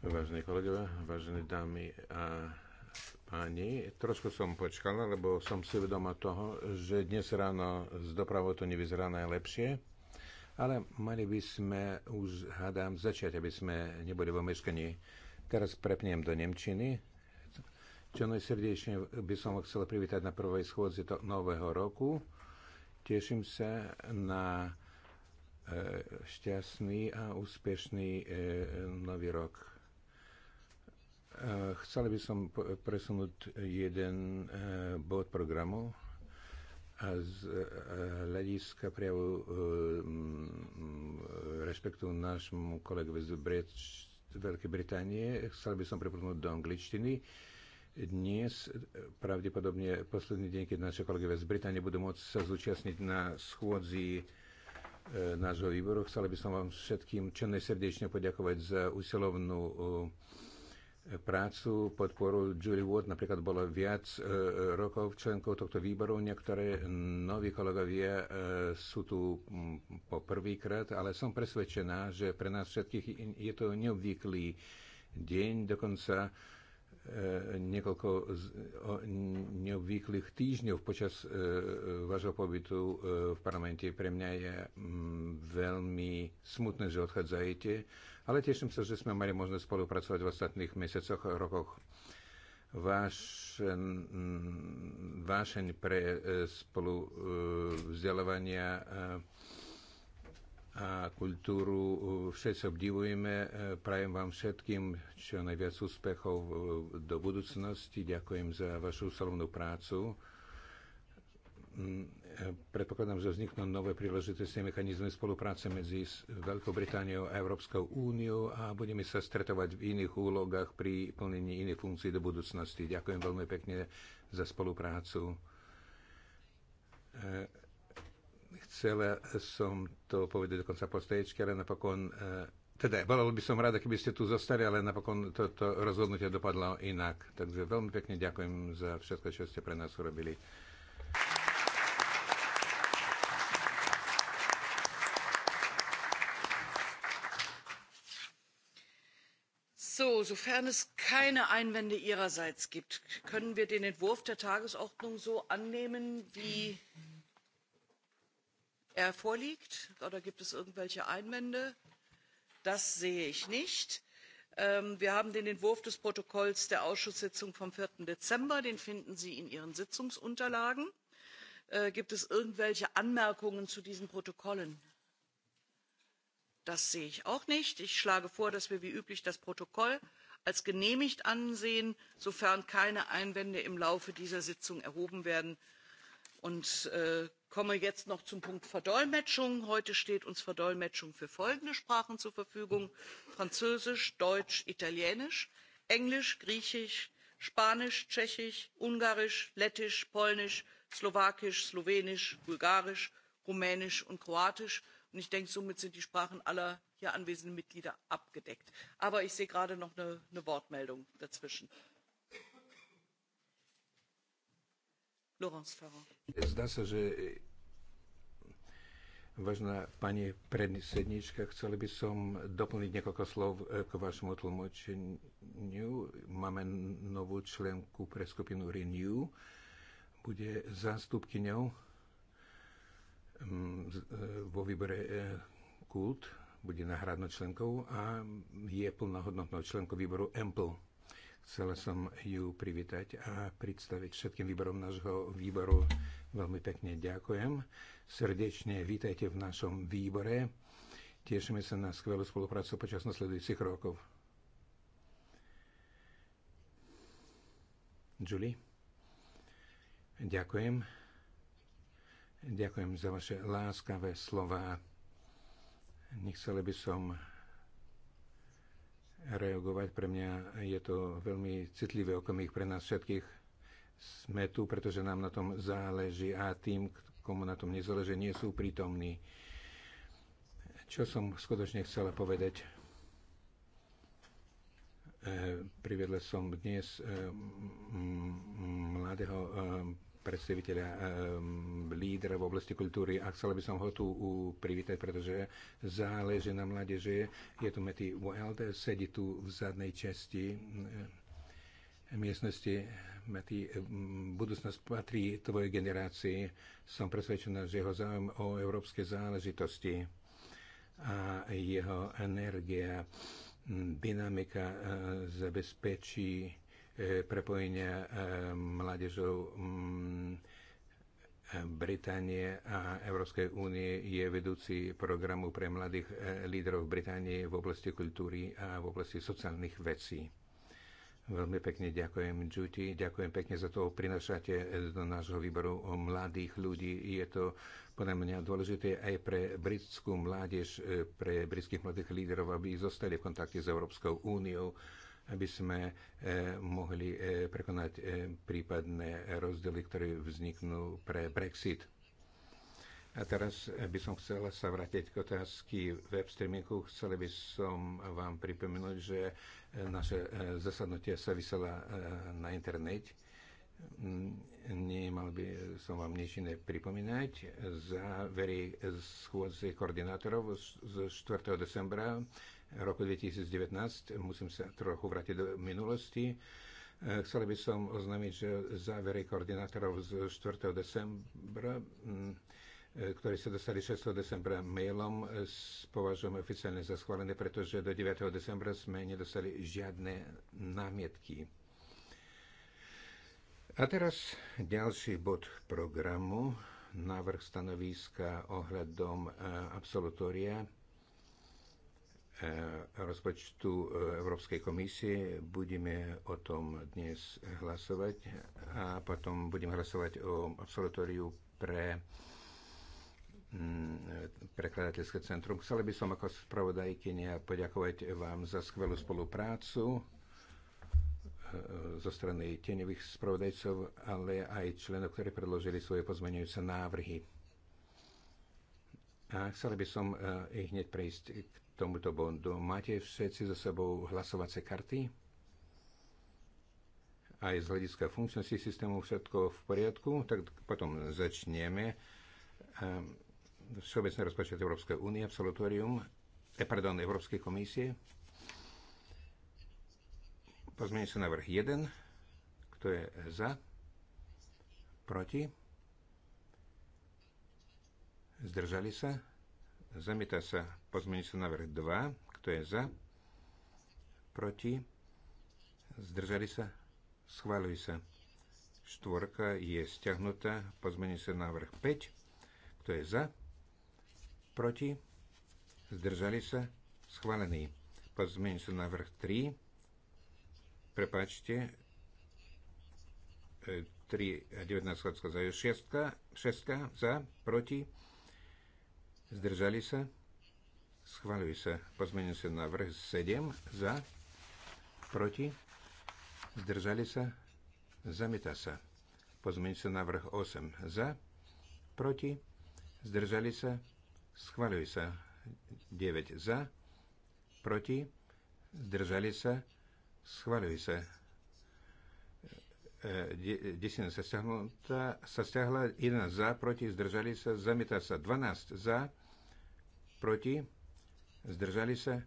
Vážení kolegovia, vážené dámy a páni, trošku som počkal, lebo som si vedoma toho, že dnes ráno z dopravou to nevyzerá najlepšie, ale mali by sme už, hádam, začať, aby sme neboli vo meškaní. Teraz prepnem do Nemčiny. Čo najsrdečne by som chcel privítať na prvej schôdzi nového roku. Teším sa na E, šťastný a úspešný e, nový rok. E, chcel by som presunúť jeden bod programu a z hľadiska prijavu rešpektu nášmu kolegovi z Veľkej Británie. Chcel by som preplnúť do angličtiny. Dnes, pravdepodobne posledný deň, keď naše kolegovia z Británie budú môcť sa zúčastniť na schôdzi E, nášho výboru. Chcel by som vám všetkým čo najsrdečne poďakovať za usilovnú e, prácu, podporu. Julie Wood napríklad bolo viac e, rokov členkou tohto výboru. Niektoré noví kolegovia sú tu po prvýkrát, ale som presvedčená, že pre nás všetkých je to neobvyklý deň, dokonca E, niekoľko neobvyklých týždňov počas e, vášho pobytu e, v parlamente. Pre mňa je mm, veľmi smutné, že odchádzajete, ale teším sa, že sme mali možnosť spolupracovať v ostatných mesiacoch a rokoch. Vášen, mm, vášeň pre spolu vzdelávania a kultúru všetci obdivujeme. E, prajem vám všetkým čo najviac úspechov e, do budúcnosti. Ďakujem za vašu slovnú prácu. Mm, e, predpokladám, že vzniknú nové príležitosti a mechanizmy spolupráce medzi Veľkou Britániou a Európskou úniou a budeme sa stretovať v iných úlogách pri plnení iných funkcií do budúcnosti. Ďakujem veľmi pekne za spoluprácu Chcela som to povedať dokonca po stejčke, ale napokon... Eh, teda, bolo by som rada, keby ste tu zostali, ale napokon toto rozhodnutie dopadlo inak. Takže veľmi pekne ďakujem za všetko, čo ste pre nás urobili. So, sofern es keine einwände ihrerseits gibt können wir den entwurf der tagesordnung so annehmen wie er vorliegt oder gibt es irgendwelche einwände? das sehe ich nicht. Ähm, wir haben den entwurf des protokolls der ausschusssitzung vom. vier dezember den finden sie in ihren sitzungsunterlagen. Äh, gibt es irgendwelche anmerkungen zu diesen protokollen? das sehe ich auch nicht. ich schlage vor dass wir wie üblich das protokoll als genehmigt ansehen sofern keine einwände im laufe dieser sitzung erhoben werden und äh, komme jetzt noch zum punkt verdolmetschung heute steht uns verdolmetschung für folgende sprachen zur verfügung französisch deutsch italienisch englisch griechisch spanisch tschechisch ungarisch lettisch polnisch slowakisch slowenisch bulgarisch rumänisch und kroatisch und ich denke somit sind die sprachen aller hier anwesenden mitglieder abgedeckt. aber ich sehe gerade noch eine wortmeldung dazwischen. Zdá sa, že e, Vážená pani predsednička, chcel by som doplniť niekoľko slov e, k vašemu tlmočeniu. Máme novú členku pre skupinu Renew. Bude zástupkyňou mm, e, vo výbore Kult, bude náhradnou členkou a je plnohodnotnou členkou výboru EMPL. Chcela som ju privítať a predstaviť všetkým výborom nášho výboru. Veľmi pekne ďakujem. Srdečne vítajte v našom výbore. Tešíme sa na skvelú spoluprácu počas nasledujúcich rokov. Julie? Ďakujem. Ďakujem za vaše láskavé slova. Nechcela by som reagovať. Pre mňa je to veľmi citlivé okamih pre nás všetkých. Sme tu, pretože nám na tom záleží a tým, komu na tom nezáleží, nie sú prítomní. Čo som skutočne chcela povedať? Eh, privedla som dnes eh, mladého eh, predstaviteľa ehm, lídra v oblasti kultúry a chcel by som ho tu privítať, pretože záleží na mládeže. Je tu Matty Wild, sedí tu v zadnej časti ehm, miestnosti. Matty, ehm, budúcnosť patrí tvojej generácii. Som presvedčená, že jeho záujem o európske záležitosti a jeho energia, dynamika zabezpečí E, prepojenia e, mládežov mm, e, Británie a Európskej únie je vedúci programu pre mladých lídrov Británie v oblasti kultúry a v oblasti sociálnych vecí. Veľmi pekne ďakujem, Judy. Ďakujem pekne za to, prinašate do nášho výboru o mladých ľudí. Je to podľa mňa dôležité aj pre britskú mládež, pre britských mladých líderov, aby zostali v kontakte s Európskou úniou aby sme e, mohli e, prekonať e, prípadné rozdiely, ktoré vzniknú pre Brexit. A teraz by som chcela sa vrátiť k otázky web streamingu. Chcel by som vám pripomenúť, že naše zasadnutie sa vysiela na internet. Mm, nemal by som vám nič iné pripomínať. Za Závery schôdze koordinátorov z 4. decembra roku 2019. Musím sa trochu vrátiť do minulosti. Eh, chcel by som oznámiť, že závery koordinátorov z 4. decembra, mm, eh, ktorí sa dostali 6. decembra mailom, eh, považujem oficiálne za schválené, pretože do 9. decembra sme nedostali žiadne námietky. A teraz ďalší bod programu, návrh stanoviska ohľadom absolutória E, rozpočtu e, Európskej komisie. Budeme o tom dnes hlasovať a potom budeme hlasovať o absolutóriu pre prekladateľské centrum. Chcela by som ako spravodajkynia poďakovať vám za skvelú spoluprácu e, zo strany tieňových spravodajcov, ale aj členov, ktorí predložili svoje pozmeňujúce návrhy. A chcela by som ich hneď prejsť k tomuto bondu. Máte všetci za sebou hlasovacie karty? Aj z hľadiska funkčnosti systému všetko v poriadku, tak potom začneme. Ehm, Všeobecný rozpočet Európskej únie, absolutorium, eh, pardon, Európskej komisie. Pozmenie sa návrh 1. Kto je za? Proti? Zdržali sa? Zamieta sa Pozmeňujúci návrh 2. Kto je za? Proti? Zdržali sa? Schváľuj sa. Štvorka je stiahnutá. Pozmeňujúci návrh 5. Kto je za? Proti? Zdržali sa? Schválený. Pozmeňujúci návrh 3. Prepačte. 3 e, a 19 za 6, 6 za, proti, zdržali sa. Schváľuje sa pozmenujúci návrh 7 za, proti, zdržali sa, zamieta sa. Pozmenujúci návrh 8 za, proti, zdržali sa, schváľuje sa 9 za, proti, zdržali sa, schváľuje sa. 10 e, sa stiahnutá, sa stiahla, 11 za, proti, zdržali sa, zamieta sa, 12 za, proti, zdržali sa, e,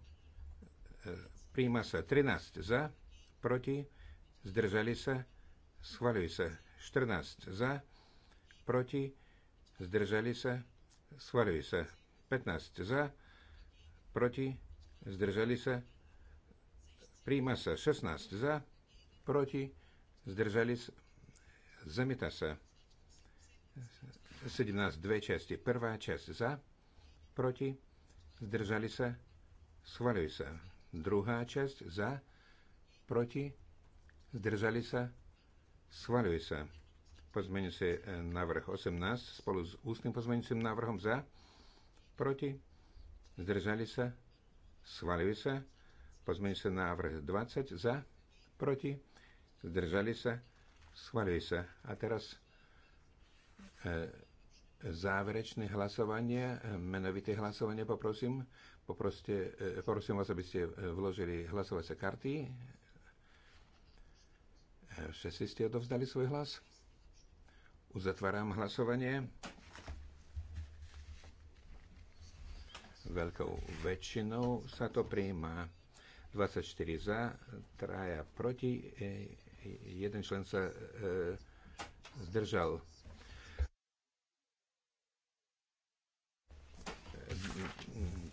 príjma sa 13 za, proti, zdržali sa, schvaľuje sa 14 za, proti, zdržali sa, schvaľuje sa 15 za, proti, zdržali sa, príjma sa 16 za, proti, zdržali sa, zamieta sa 17 dve časti, prvá časť za, proti, zdržali sa, Schvaľuj sa. Druhá časť za, proti, zdržali sa, Schvaľuj sa. Pozmeňujúci e, návrh 18 spolu s ústnym pozmeňujúcim návrhom za, proti, zdržali sa, Schvaľuj sa. Pozmeňujúci návrh 20 za, proti, zdržali sa, Schvaľuj sa. A teraz e, záverečné hlasovanie, menovité hlasovanie poprosím. Poproste, e, poprosím vás, aby ste e, vložili hlasovacie karty. E, všetci ste odovzdali svoj hlas. Uzatváram hlasovanie. Veľkou väčšinou sa to prijíma. 24 za, traja proti, jeden člen sa zdržal.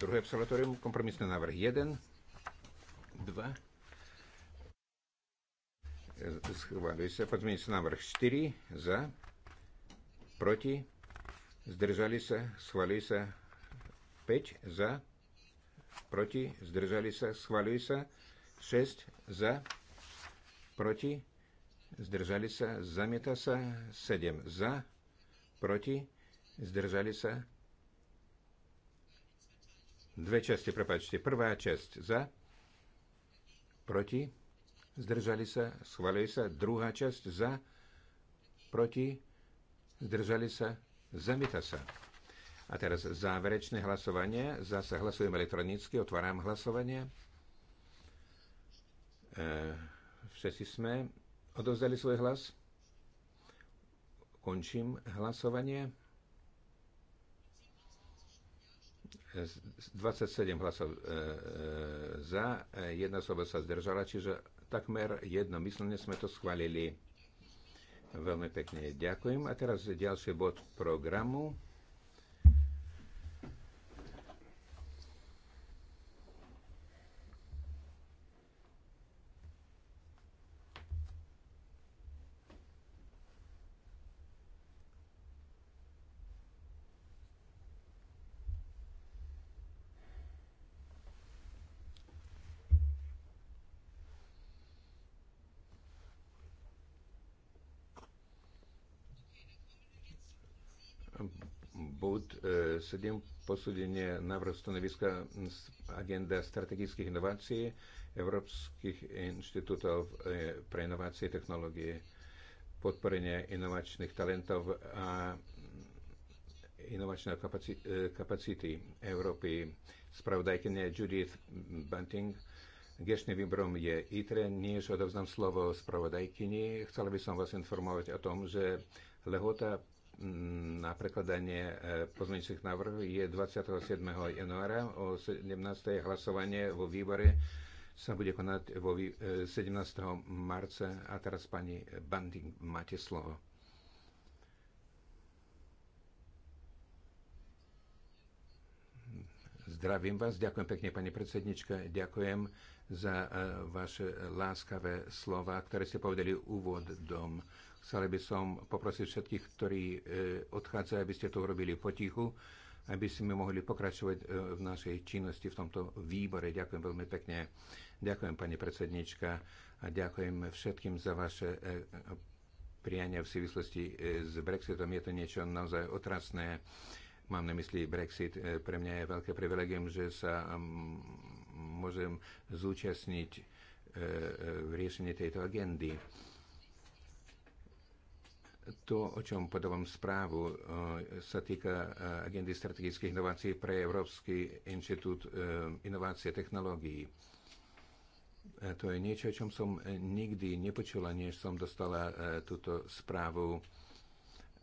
druhé absolatórium, kompromisný návrh 1, 2, schválili sa, sa návrh 4, za, proti, zdržali sa, schválili sa 5, za, proti, zdržali sa, schválili sa 6, za, proti, zdržali sa, zamieta sa 7, za, proti, zdržali sa Dve časti, prepáčte. Prvá časť za, proti, zdržali sa, schválili sa. Druhá časť za, proti, zdržali sa, zamieta sa. A teraz záverečné hlasovanie. Zase hlasujem elektronicky, otváram hlasovanie. E, všetci sme odovzdali svoj hlas. Končím hlasovanie. 27 hlasov e, e, za, e, jedna osoba sa zdržala, čiže takmer jednomyslne sme to schválili. Veľmi pekne ďakujem. A teraz ďalší bod programu. 7, posúdenie návrhu stanoviska agenda strategických inovácií Európskych inštitútov e, pre inovácie a technológie, podporenie inovačných talentov a inovačné e, kapacity Európy. Spravodajkynia Judith Bunting. Dnešným výborom je ITRE. Než odovzdám slovo spravodajkyni, chcela by som vás informovať o tom, že lehota na prekladanie e, pozmeňujúcich návrhov je 27. januára o 17. hlasovanie vo výbore sa bude konať vo 17. E, marca. A teraz pani Banding, máte slovo. Zdravím vás, ďakujem pekne pani predsednička, ďakujem za e, vaše láskavé slova, ktoré ste povedali úvod dom Chceli by som poprosiť všetkých, ktorí e, odchádzajú, aby ste to urobili potichu, aby sme mohli pokračovať e, v našej činnosti v tomto výbore. Ďakujem veľmi pekne. Ďakujem, pani predsednička, a ďakujem všetkým za vaše e, priania v súvislosti s Brexitom. Je to niečo naozaj otrasné. Mám na mysli Brexit. Pre mňa je veľké privilegium, že sa môžem zúčastniť v riešení tejto agendy. To, o čom podávam správu, e, sa týka e, agendy strategických inovácií pre Európsky inštitút e, inovácie a technológií. To je niečo, o čom som nikdy nepočula, než som dostala túto správu.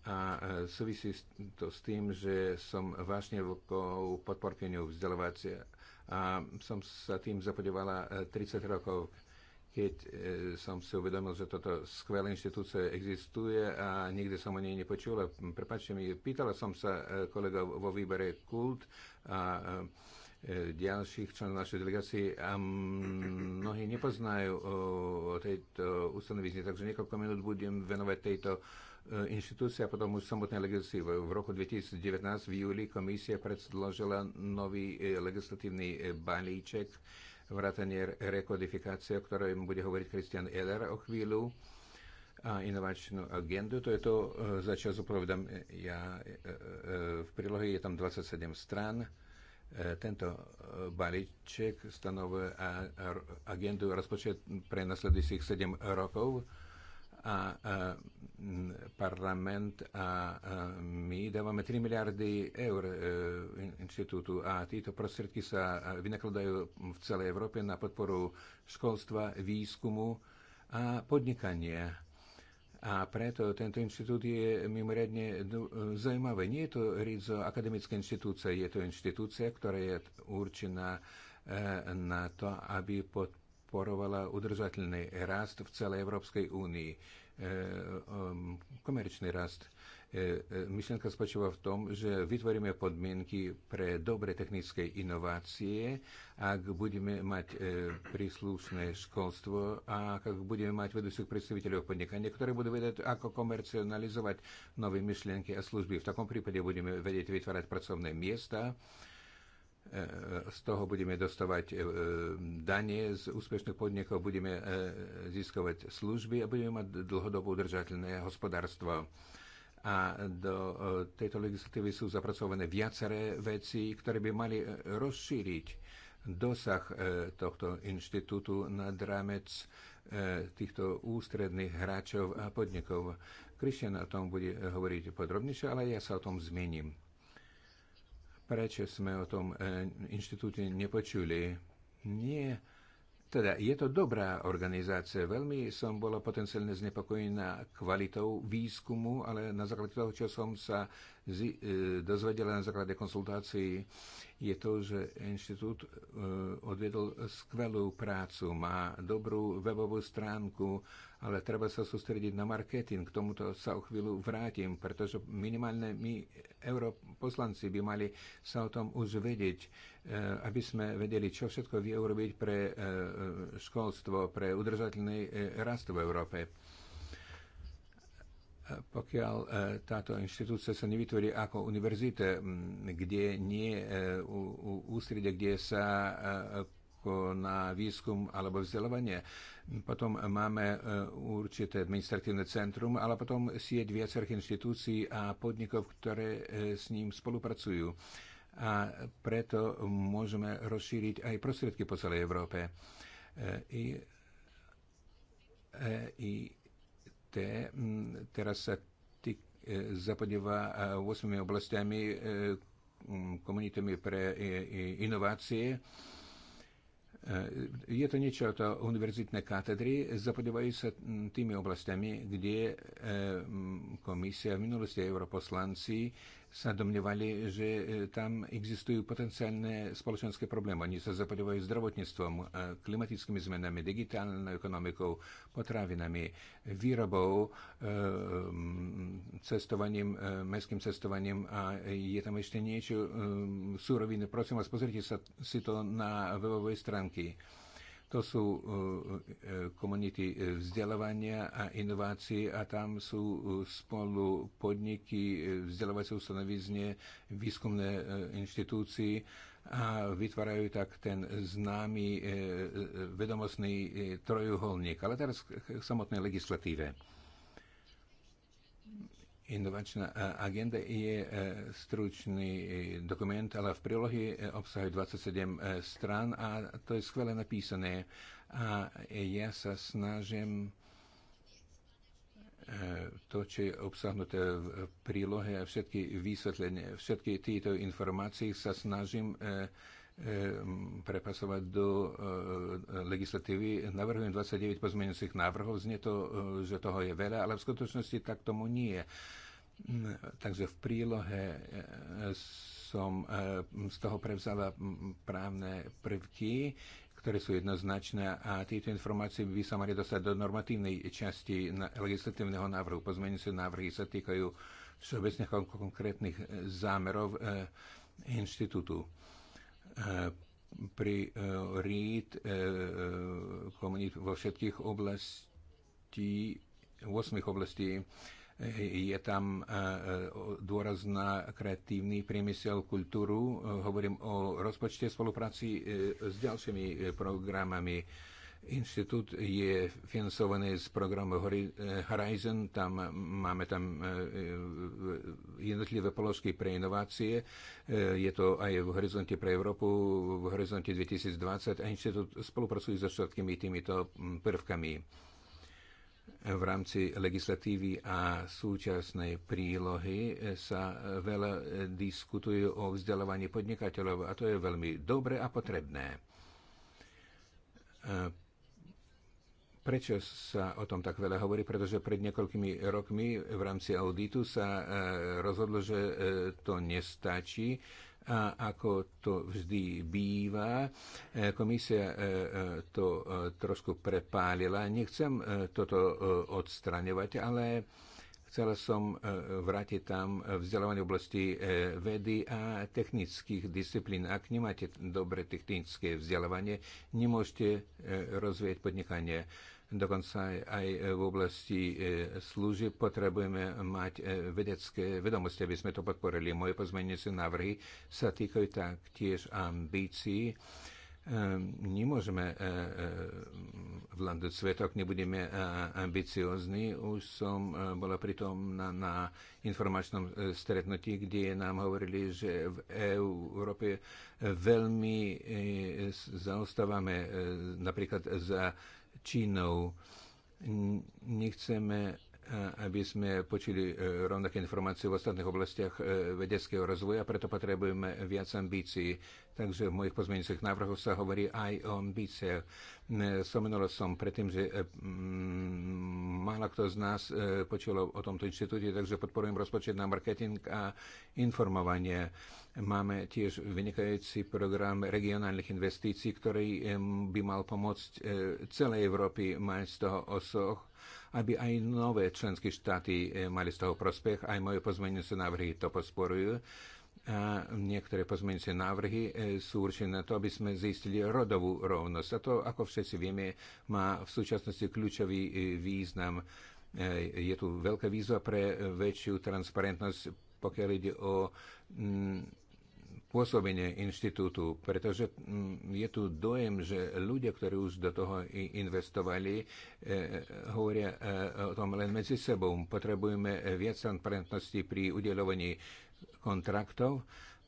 A súvisí to s tým, že som vážne veľkou podporkyňou vzdelávania a som sa tým zapodovala 30 rokov keď e, som si uvedomil, že toto skvelá inštitúcia existuje a nikdy som o nej nepočul. Prepačte mi, pýtala som sa e, kolega vo výbere Kult a e, ďalších členov našej delegácie a mnohí nepoznajú o tejto ustanovizni, takže niekoľko minút budem venovať tejto inštitúcie a potom už samotné legislatívy. V roku 2019 v júli komisia predložila nový legislatívny balíček vrátanie rekodifikácie, o ktorej bude hovoriť Christian Eder o chvíľu, a inovačnú agendu. To je to, e, za čo zodpovedám e, ja. E, v prílohe je tam 27 strán. Tento balíček stanovuje agendu rozpočet pre nasledujúcich 7 rokov a, a parlament a, a my dávame 3 miliardy eur e, inštitútu a títo prostriedky sa e, vynakladajú v celej Európe na podporu školstva, výskumu a podnikania. A preto tento inštitút je mimoriadne e, zaujímavý. Nie je to rizo akademická inštitúcia, je to inštitúcia, ktorá je určená e, na to, aby pod podporovala udržateľný rast v celej Európskej únii. E, um, Komerčný rast. E, e, myšlenka spočíva v tom, že vytvoríme podmienky pre dobre technické inovácie, ak budeme mať e, príslušné školstvo a ak budeme mať vedúcich predstaviteľov podnikania, ktorí budú vedieť, ako komercionalizovať nové myšlienky a služby. V takom prípade budeme vedieť vytvárať pracovné miesta, z toho budeme dostávať e, danie z úspešných podnikov, budeme e, získovať služby a budeme mať dlhodobo udržateľné hospodárstvo. A do e, tejto legislatívy sú zapracované viaceré veci, ktoré by mali rozšíriť dosah tohto inštitútu na rámec týchto ústredných hráčov a podnikov. Kristian o tom bude hovoriť podrobnejšie, ale ja sa o tom zmením. Prečo sme o tom e, inštitúte nepočuli? Nie. Teda je to dobrá organizácia. Veľmi som bola potenciálne znepokojená kvalitou výskumu, ale na základe toho, čo som sa E, dozvedela na základe konsultácií, je to, že inštitút e, odvedol skvelú prácu, má dobrú webovú stránku, ale treba sa sústrediť na marketing. K tomuto sa o chvíľu vrátim, pretože minimálne my, europoslanci, by mali sa o tom už vedieť, e, aby sme vedeli, čo všetko vie urobiť pre školstvo, pre udržateľný rast v Európe pokiaľ e, táto inštitúcia sa nevytvorí ako univerzita, kde nie je ústredie, kde sa e, na výskum alebo vzdelávanie. Potom máme e, určité administratívne centrum, ale potom sieť viacerých inštitúcií a podnikov, ktoré s ním spolupracujú. A preto môžeme rozšíriť aj prostriedky po celej Európe. I, i te, teraz sa ty e, zapodieva 8 e, oblastiami, e, komunitami pre e, inovácie. Je to niečo to univerzitné katedry, zapodievajú sa tými oblastiami, kde komisia v minulosti europoslanci sa domnievali, že e, tam existujú potenciálne spoločenské problémy. Oni sa zapodievajú zdravotníctvom, e, klimatickými zmenami, digitálnou ekonomikou, potravinami, výrobou, e, cestovaním, mestským cestovaním a je tam ešte niečo, súroviny. Prosím vás, pozrite sa si to na webovej stránky to sú eh, eh, komunity vzdelávania a inovácií a tam sú eh, spolu podniky, vzdelávacie ustanovizne, výskumné inštitúcii a vytvárajú tak ten známy vedomostný trojuholník. Ale teraz k samotnej legislatíve Inovačná e, agenda je e, stručný e, dokument, ale v prílohe obsahuje 27 strán a to je skvele napísané. A ja sa snažím to, čo je obsahnuté v prílohe a všetky vysvetlenia, všetky tieto informácie sa snažím e, E, prepasovať do e, legislatívy. Navrhujem 29 pozmeňujúcich návrhov. Znie to, e, že toho je veľa, ale v skutočnosti tak tomu nie je. Mm, takže v prílohe som z toho prevzala právne prvky, ktoré sú jednoznačné a tieto informácie by sa mali dostať do normatívnej časti legislatívneho návrhu. Pozmeňujúce návrhy sa týkajú všeobecne konkrétnych zámerov inštitútu Eh, pri eh, rít eh, komunít vo všetkých oblastí, v 8 oblastí. Je tam dôraz na kreatívny priemysel, kultúru. Hovorím o rozpočte spolupráci s ďalšími programami Inštitút je financovaný z programu Horizon, tam máme tam e, e, jednotlivé položky pre inovácie, e, je to aj v Horizonte pre Európu, v Horizonte 2020 a inštitút spolupracuje so všetkými týmito prvkami v rámci legislatívy a súčasnej prílohy sa veľa diskutuje o vzdelávaní podnikateľov a to je veľmi dobre a potrebné Prečo sa o tom tak veľa hovorí? Pretože pred niekoľkými rokmi v rámci auditu sa e, rozhodlo, že e, to nestačí. A ako to vždy býva, e, komisia to trošku prepálila. Nechcem toto odstraňovať, ale chcela som vrátiť tam vzdelávanie oblasti vedy a technických disciplín. Ak nemáte dobre technické vzdelávanie, nemôžete rozvieť podnikanie dokonca aj aj v oblasti e, služieb potrebujeme mať e, vedecké vedomosti, aby sme to podporili. Moje pozmeniace návrhy sa týkajú taktiež ambícií. E, nemôžeme vládnuť svet, ak nebudeme ambiciozni. Už som bola pritom na, na informačnom stretnutí, kde nám hovorili, že v Európe veľmi zaostávame napríklad za Čínou. Nechceme, e, aby sme počuli e, rovnaké informácie v ostatných oblastiach e, vedeckého rozvoja, preto potrebujeme viac ambícií. Takže v mojich pozmeňujúcich návrhoch sa hovorí aj o ambíciách. Spomenul som predtým, že málo kto z nás počul o tomto inštitúte, takže podporujem rozpočet na marketing a informovanie Máme tiež vynikajúci program regionálnych investícií, ktorý by mal pomôcť e, celej Európy mať z toho osoch, aby aj nové členské štáty e, mali z toho prospech. Aj moje pozmeňujúce návrhy to posporujú. A niektoré pozmeňujúce návrhy e, sú určené na to, aby sme zistili rodovú rovnosť. A to, ako všetci vieme, má v súčasnosti kľúčový význam je tu veľká výzva pre väčšiu transparentnosť pokiaľ ide o mm, pôsobenie inštitútu, pretože mm, je tu dojem, že ľudia, ktorí už do toho investovali, e, hovoria e, o tom len medzi sebou. Potrebujeme viac transparentnosti pri udelovaní kontraktov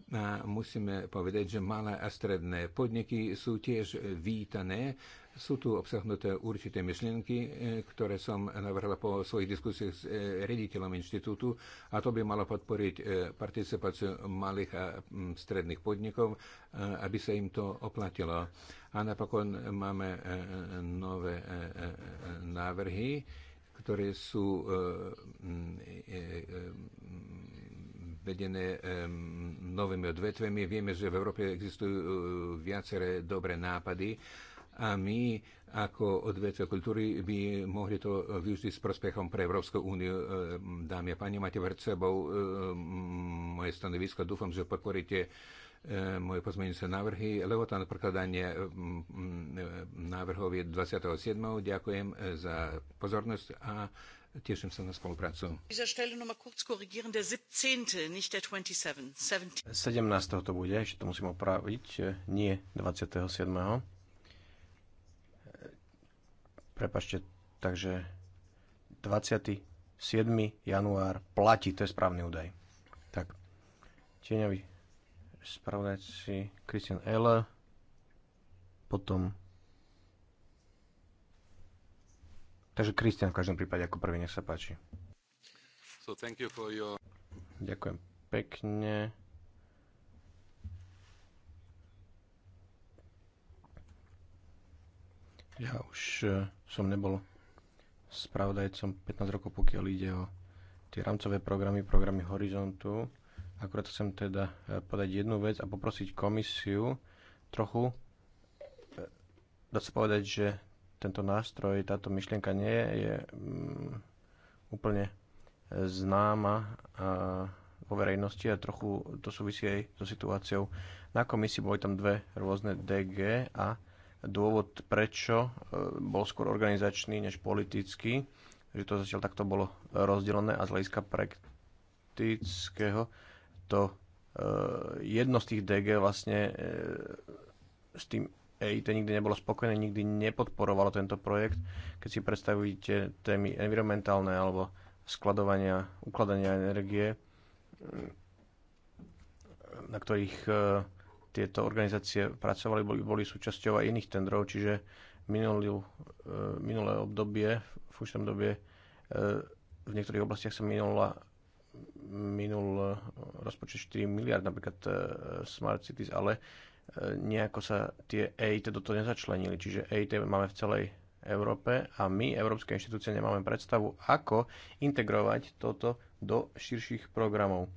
a musíme povedať, že malé a stredné podniky sú tiež vítané. Sú tu obsahnuté určité myšlienky, e, ktoré som navrhla po svojich diskusiách s e, rediteľom inštitútu a to by malo podporiť e, participáciu malých a stredných podnikov, aby sa im to oplatilo. A napokon máme nové návrhy, ktoré sú vedené novými odvetvemi. Vieme, že v Európe existujú e, viaceré dobré nápady a my ako odvetve kultúry by mohli to využiť s prospechom pre Európsku úniu. E, dámy a páni, máte pred sebou e, moje stanovisko. Dúfam, že podporíte moje pozmeňujúce návrhy. Lehota na prekladanie návrhov je 27. Ďakujem za pozornosť a Teším sa na spoluprácu. 17. to bude, ešte to musím opraviť, e, nie 27. E, prepačte, takže 27. január platí, to je správny údaj. Tak, tieňový spravodajci Christian L. Potom Takže Kristian v každom prípade ako prvý, nech sa páči. So thank you for your... Ďakujem pekne. Ja už eh, som nebol spravodajcom 15 rokov, pokiaľ ide o tie rámcové programy, programy Horizontu. Akurát chcem teda eh, podať jednu vec a poprosiť komisiu trochu, eh, dá sa povedať, že tento nástroj, táto myšlienka nie je mm, úplne známa vo verejnosti a trochu to súvisí aj so situáciou. Na komisii boli tam dve rôzne DG a dôvod prečo e, bol skôr organizačný než politický, že to zatiaľ takto bolo rozdelené a z hľadiska praktického to e, jedno z tých DG vlastne e, s tým EIT nikdy nebolo spokojné, nikdy nepodporovalo tento projekt. Keď si predstavujete témy environmentálne alebo skladovania, ukladania energie, na ktorých e, tieto organizácie pracovali, boli, boli súčasťou aj iných tendrov, čiže minulý, e, minulé obdobie, v užšom dobie, e, v niektorých oblastiach sa minula, minul rozpočet 4 miliard, napríklad Smart Cities, ale E, nejako sa tie EIT do toho nezačlenili. Čiže EIT máme v celej Európe a my, európske inštitúcie, nemáme predstavu, ako integrovať toto do širších programov,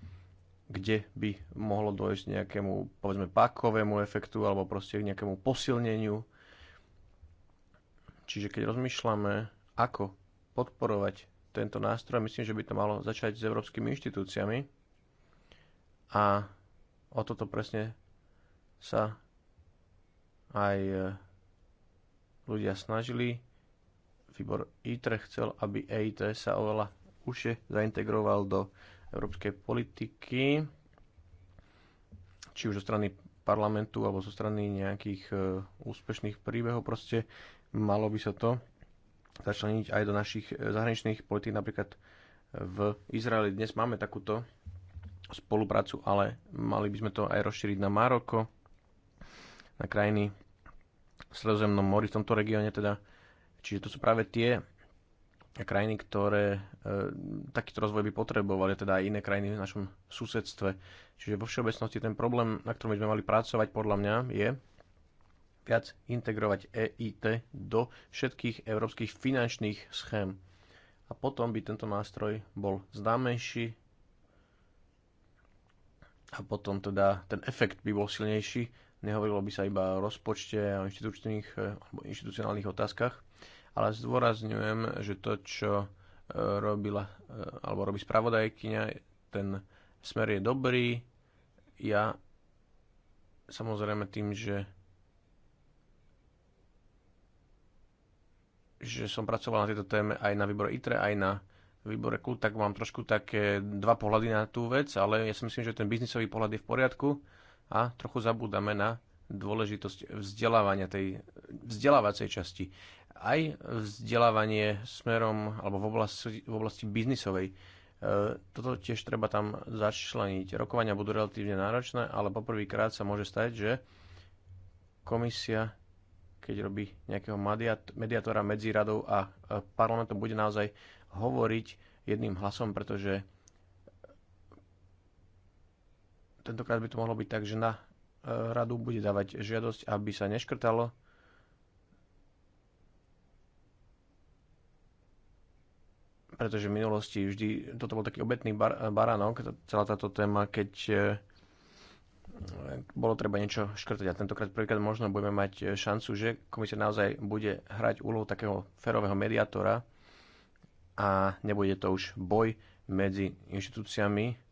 kde by mohlo dôjsť nejakému, povedzme, pakovému efektu alebo proste k nejakému posilneniu. Čiže keď rozmýšľame, ako podporovať tento nástroj, myslím, že by to malo začať s európskymi inštitúciami a o toto presne sa aj e, ľudia snažili. Výbor ITRE chcel, aby EIT sa oveľa užšie zaintegroval do európskej politiky, či už zo strany parlamentu alebo zo strany nejakých e, úspešných príbehov. Proste malo by sa to začleniť aj do našich e, zahraničných politik. Napríklad v Izraeli dnes máme takúto spoluprácu, ale mali by sme to aj rozšíriť na Maroko, na krajiny v Sredozemnom mori, v tomto regióne teda. Čiže to sú práve tie krajiny, ktoré e, takýto rozvoj by potrebovali, teda aj iné krajiny v našom susedstve. Čiže vo všeobecnosti ten problém, na ktorom by sme mali pracovať, podľa mňa, je viac integrovať EIT do všetkých európskych finančných schém. A potom by tento nástroj bol známejší a potom teda ten efekt by bol silnejší Nehovorilo by sa iba o rozpočte a inštitučných eh, alebo inštitucionálnych otázkach, ale zdôrazňujem, že to, čo eh, robila eh, alebo robí spravodajkyňa, ten smer je dobrý. Ja samozrejme tým, že že som pracoval na tieto téme aj na výbore ITRE, aj na výbore KUL, tak mám trošku také dva pohľady na tú vec, ale ja si myslím, že ten biznisový pohľad je v poriadku a trochu zabúdame na dôležitosť vzdelávania tej vzdelávacej časti. Aj vzdelávanie smerom alebo v oblasti, v oblasti biznisovej. E, toto tiež treba tam začleniť. Rokovania budú relatívne náročné, ale poprvýkrát sa môže stať, že komisia, keď robí nejakého mediátora medzi radou a e, parlamentom, bude naozaj hovoriť jedným hlasom, pretože tentokrát by to mohlo byť tak, že na e, radu bude dávať žiadosť, aby sa neškrtalo. Pretože v minulosti vždy, toto bol taký obetný bar, e, baránok, celá táto téma, keď e, bolo treba niečo škrtať. A tentokrát prvýkrát možno budeme mať šancu, že komisia naozaj bude hrať úlohu takého ferového mediátora a nebude to už boj medzi inštitúciami,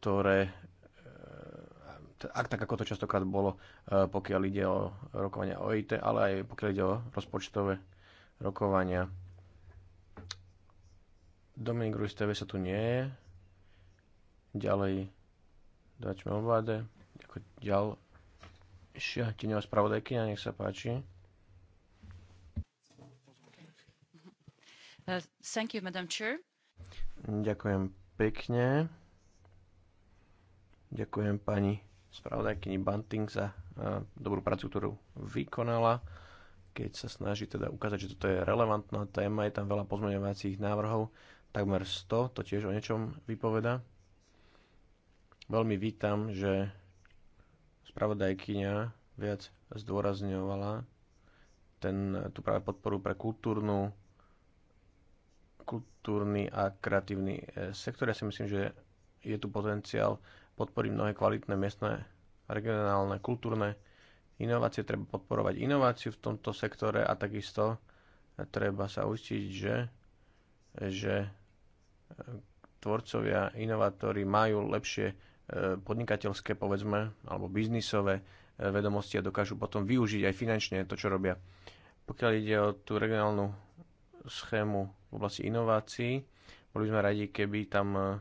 ktoré eh, ak tak ako to častokrát bolo, eh, pokiaľ ide o rokovania OIT, ale aj pokiaľ ide o rozpočtové rokovania. Dominik Ruiz TV sa tu nie je. Ďalej Dačme obvade. Ako ďalšia tieňová spravodajkynia, nech sa páči. Uh, thank you, Madam Chair. Ďakujem pekne. Ďakujem pani spravodajkyni Banting za eh, dobrú prácu, ktorú vykonala, keď sa snaží teda ukázať, že toto je relevantná téma, je tam veľa pozmeňovacích návrhov, takmer 100, to tiež o niečom vypoveda. Veľmi vítam, že spravodajkyňa viac zdôrazňovala ten, tú práve podporu pre kultúrnu, kultúrny a kreatívny eh, sektor. Ja si myslím, že je tu potenciál podporí mnohé kvalitné miestne, regionálne, kultúrne inovácie. Treba podporovať inováciu v tomto sektore a takisto treba sa uistiť, že, že e, tvorcovia, inovátori majú lepšie e, podnikateľské, povedzme, alebo biznisové e, vedomosti a dokážu potom využiť aj finančne to, čo robia. Pokiaľ ide o tú regionálnu schému v oblasti inovácií, boli sme radi, keby tam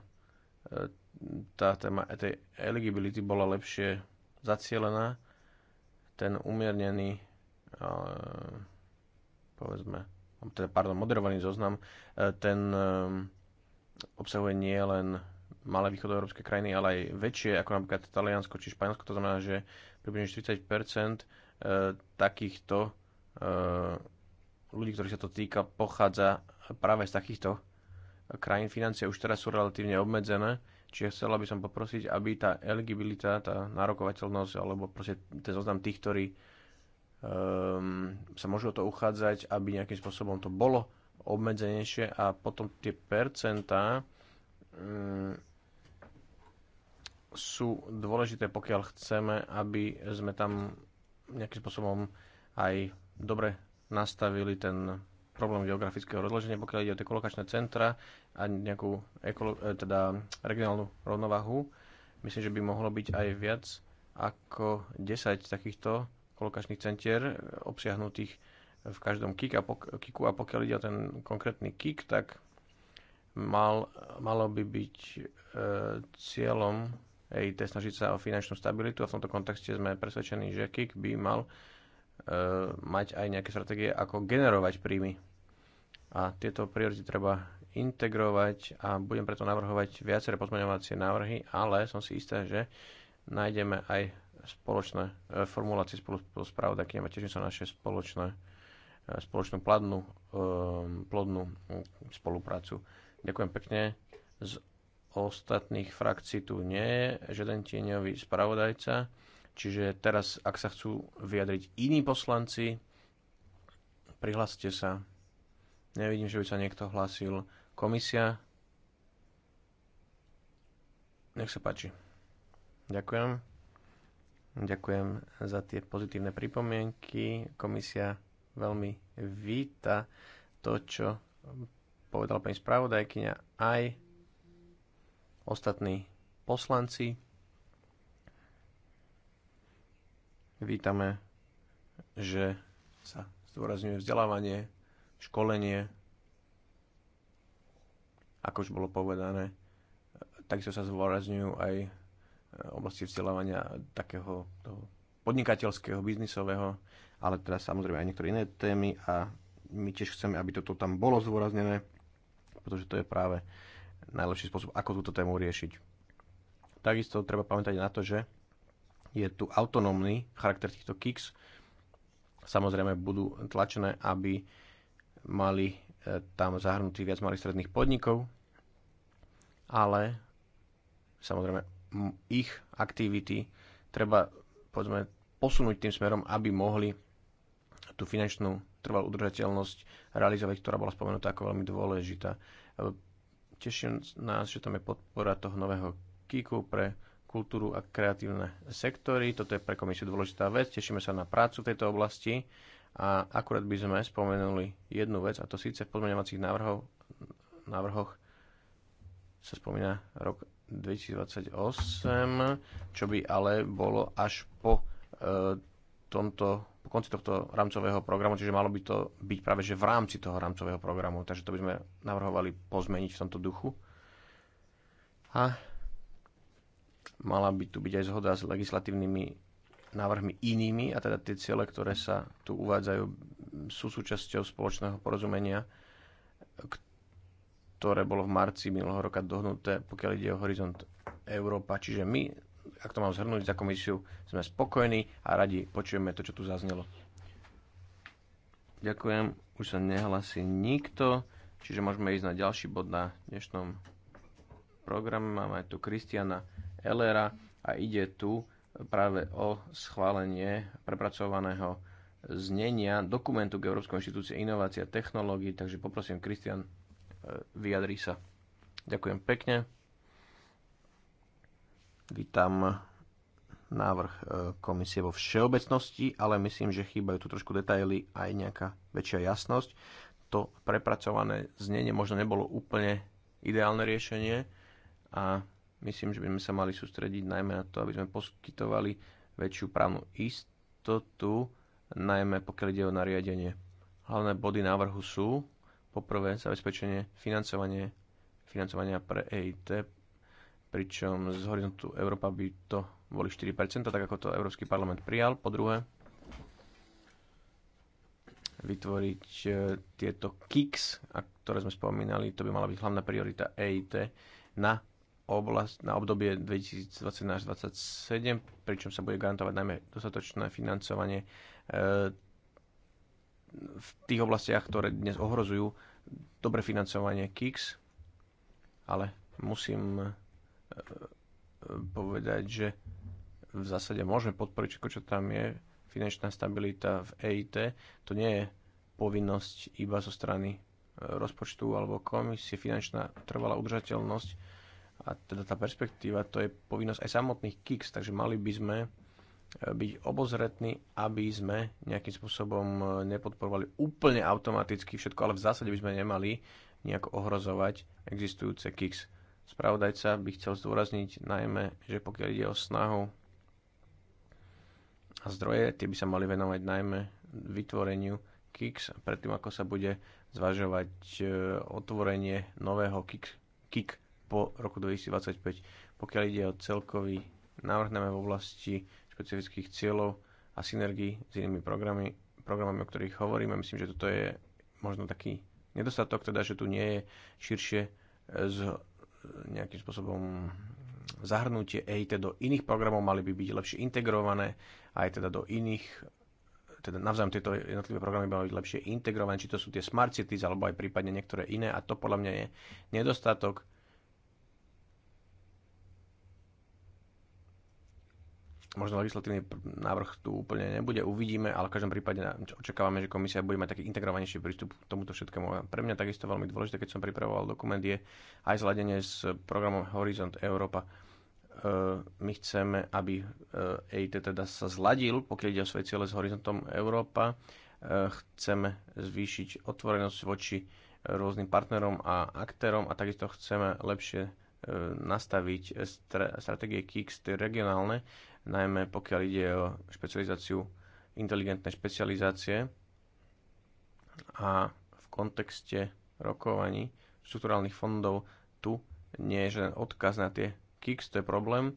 tá téma tej eligibility bola lepšie zacielená, ten umiernený povedzme, teda, pardon, moderovaný zoznam, e, ten e, obsahuje nie len malé východoeurópske krajiny, ale aj väčšie, ako napríklad Taliansko či Španielsko. To znamená, že približne 40 e, takýchto ľudí, ktorých sa to týka, pochádza práve z takýchto krajín. Financie už teraz sú relatívne obmedzené Čiže chcela by som poprosiť, aby tá eligibilita, tá nárokovateľnosť, alebo proste ten zoznam tých, ktorí um, sa môžu o to uchádzať, aby nejakým spôsobom to bolo obmedzenejšie a potom tie percentá um, sú dôležité, pokiaľ chceme, aby sme tam nejakým spôsobom aj dobre nastavili ten problém geografického rozloženia, pokiaľ ide o tie kolokačné centra a nejakú ekolo, e, teda regionálnu rovnovahu. Myslím, že by mohlo byť aj viac ako 10 takýchto kolokačných centier obsiahnutých v každom kiku a pok- a pokiaľ ide o ten konkrétny KIK, tak mal, malo by byť e, cieľom EIT snažiť sa o finančnú stabilitu a v tomto kontexte sme presvedčení, že KIK by mal e, mať aj nejaké stratégie, ako generovať príjmy a tieto priority treba integrovať a budem preto navrhovať viaceré pozmeňovacie návrhy, ale som si istá, že nájdeme aj spoločné e, formulácie spolu s pravodakým a teším sa naše spoločné e, spoločnú plodnú, e, plodnú spoluprácu. Ďakujem pekne. Z ostatných frakcií tu nie je žiaden tieňový spravodajca, čiže teraz, ak sa chcú vyjadriť iní poslanci, prihláste sa. Nevidím, že by sa niekto hlásil. Komisia. Nech sa páči. Ďakujem. Ďakujem za tie pozitívne pripomienky. Komisia veľmi víta to, čo povedal pani spravodajkyňa, aj ostatní poslanci. Vítame, že sa zdôrazňuje vzdelávanie školenie, ako už bolo povedané, takisto sa zdôrazňujú aj e, oblasti vzdelávania takého toho podnikateľského, biznisového, ale teda samozrejme aj niektoré iné témy a my tiež chceme, aby toto tam bolo zdôraznené, pretože to je práve najlepší spôsob, ako túto tému riešiť. Takisto treba pamätať na to, že je tu autonómny charakter týchto kicks. Samozrejme budú tlačené, aby mali e, tam zahrnutý viac malých stredných podnikov, ale samozrejme ich aktivity treba poďme, posunúť tým smerom, aby mohli tú finančnú trvalú udržateľnosť realizovať, ktorá bola spomenutá ako veľmi dôležitá. E, Teším nás, že tam je podpora toho nového KIKu pre kultúru a kreatívne sektory. Toto je pre komisiu dôležitá vec. Tešíme sa na prácu v tejto oblasti a akurát by sme spomenuli jednu vec, a to síce v pozmeňovacích návrhoch, návrhoch sa spomína rok 2028, čo by ale bolo až po e, tomto po konci tohto rámcového programu, čiže malo by to byť práve že v rámci toho rámcového programu, takže to by sme navrhovali pozmeniť v tomto duchu. A mala by tu byť aj zhoda s legislatívnymi návrhmi inými a teda tie ciele, ktoré sa tu uvádzajú, sú súčasťou spoločného porozumenia, ktoré bolo v marci minulého roka dohnuté, pokiaľ ide o horizont Európa. Čiže my, ak to mám zhrnúť za komisiu, sme spokojní a radi počujeme to, čo tu zaznelo. Ďakujem, už sa nehlasí nikto, čiže môžeme ísť na ďalší bod na dnešnom programe. Máme tu Kristiana Elera a ide tu práve o schválenie prepracovaného znenia dokumentu k Európskej inštitúcii inovácia a technológií, takže poprosím Kristian, e, vyjadri sa. Ďakujem pekne. Vítam návrh e, komisie vo všeobecnosti, ale myslím, že chýbajú tu trošku detaily aj nejaká väčšia jasnosť. To prepracované znenie možno nebolo úplne ideálne riešenie a Myslím, že by sme sa mali sústrediť najmä na to, aby sme poskytovali väčšiu právnu istotu, najmä pokiaľ ide o nariadenie. Hlavné body návrhu sú poprvé zabezpečenie financovanie, financovania pre EIT, pričom z horizontu Európa by to boli 4%, tak ako to Európsky parlament prijal. Po druhé, vytvoriť e, tieto KICS, ktoré sme spomínali, to by mala byť hlavná priorita EIT na oblast, na obdobie 2021-2027, pričom sa bude garantovať najmä dostatočné financovanie eh, v tých oblastiach, ktoré dnes ohrozujú dobre financovanie KIX, ale musím eh, eh, povedať, že v zásade môžeme podporiť čo tam je, finančná stabilita v EIT, to nie je povinnosť iba zo strany rozpočtu alebo komisie, finančná trvalá udržateľnosť, a teda tá perspektíva, to je povinnosť aj samotných KIX, takže mali by sme e, byť obozretní, aby sme nejakým spôsobom e, nepodporovali úplne automaticky všetko, ale v zásade by sme nemali nejako ohrozovať existujúce KIX. Spravodajca by chcel zdôrazniť najmä, že pokiaľ ide o snahu a zdroje, tie by sa mali venovať najmä vytvoreniu KIX, predtým ako sa bude zvažovať e, otvorenie nového Kick. KIK po roku 2025. Pokiaľ ide o celkový návrh najmä v oblasti špecifických cieľov a synergii s inými programy, programami, o ktorých hovoríme, myslím, že toto je možno taký nedostatok, teda, že tu nie je širšie e, z e, nejakým spôsobom zahrnutie EIT do iných programov, mali by byť lepšie integrované aj e teda do iných teda navzájom tieto jednotlivé programy by mali byť lepšie integrované, či to sú tie smart cities alebo aj prípadne niektoré iné a to podľa mňa je nedostatok možno legislatívny návrh tu úplne nebude, uvidíme, ale v každom prípade očakávame, že komisia bude mať taký integrovanejší prístup k tomuto všetkému. A pre mňa takisto veľmi dôležité, keď som pripravoval dokument, je aj zladenie s programom Horizont Európa. E, my chceme, aby e, EIT teda sa zladil, pokiaľ ide o svoje ciele s Horizontom Európa. E, chceme zvýšiť otvorenosť voči rôznym partnerom a aktérom a takisto chceme lepšie nastaviť stratégie KIX regionálne najmä pokiaľ ide o špecializáciu, inteligentné špecializácie a v kontexte rokovaní štruktúrálnych fondov tu nie je žiaden odkaz na tie Kix, to je problém.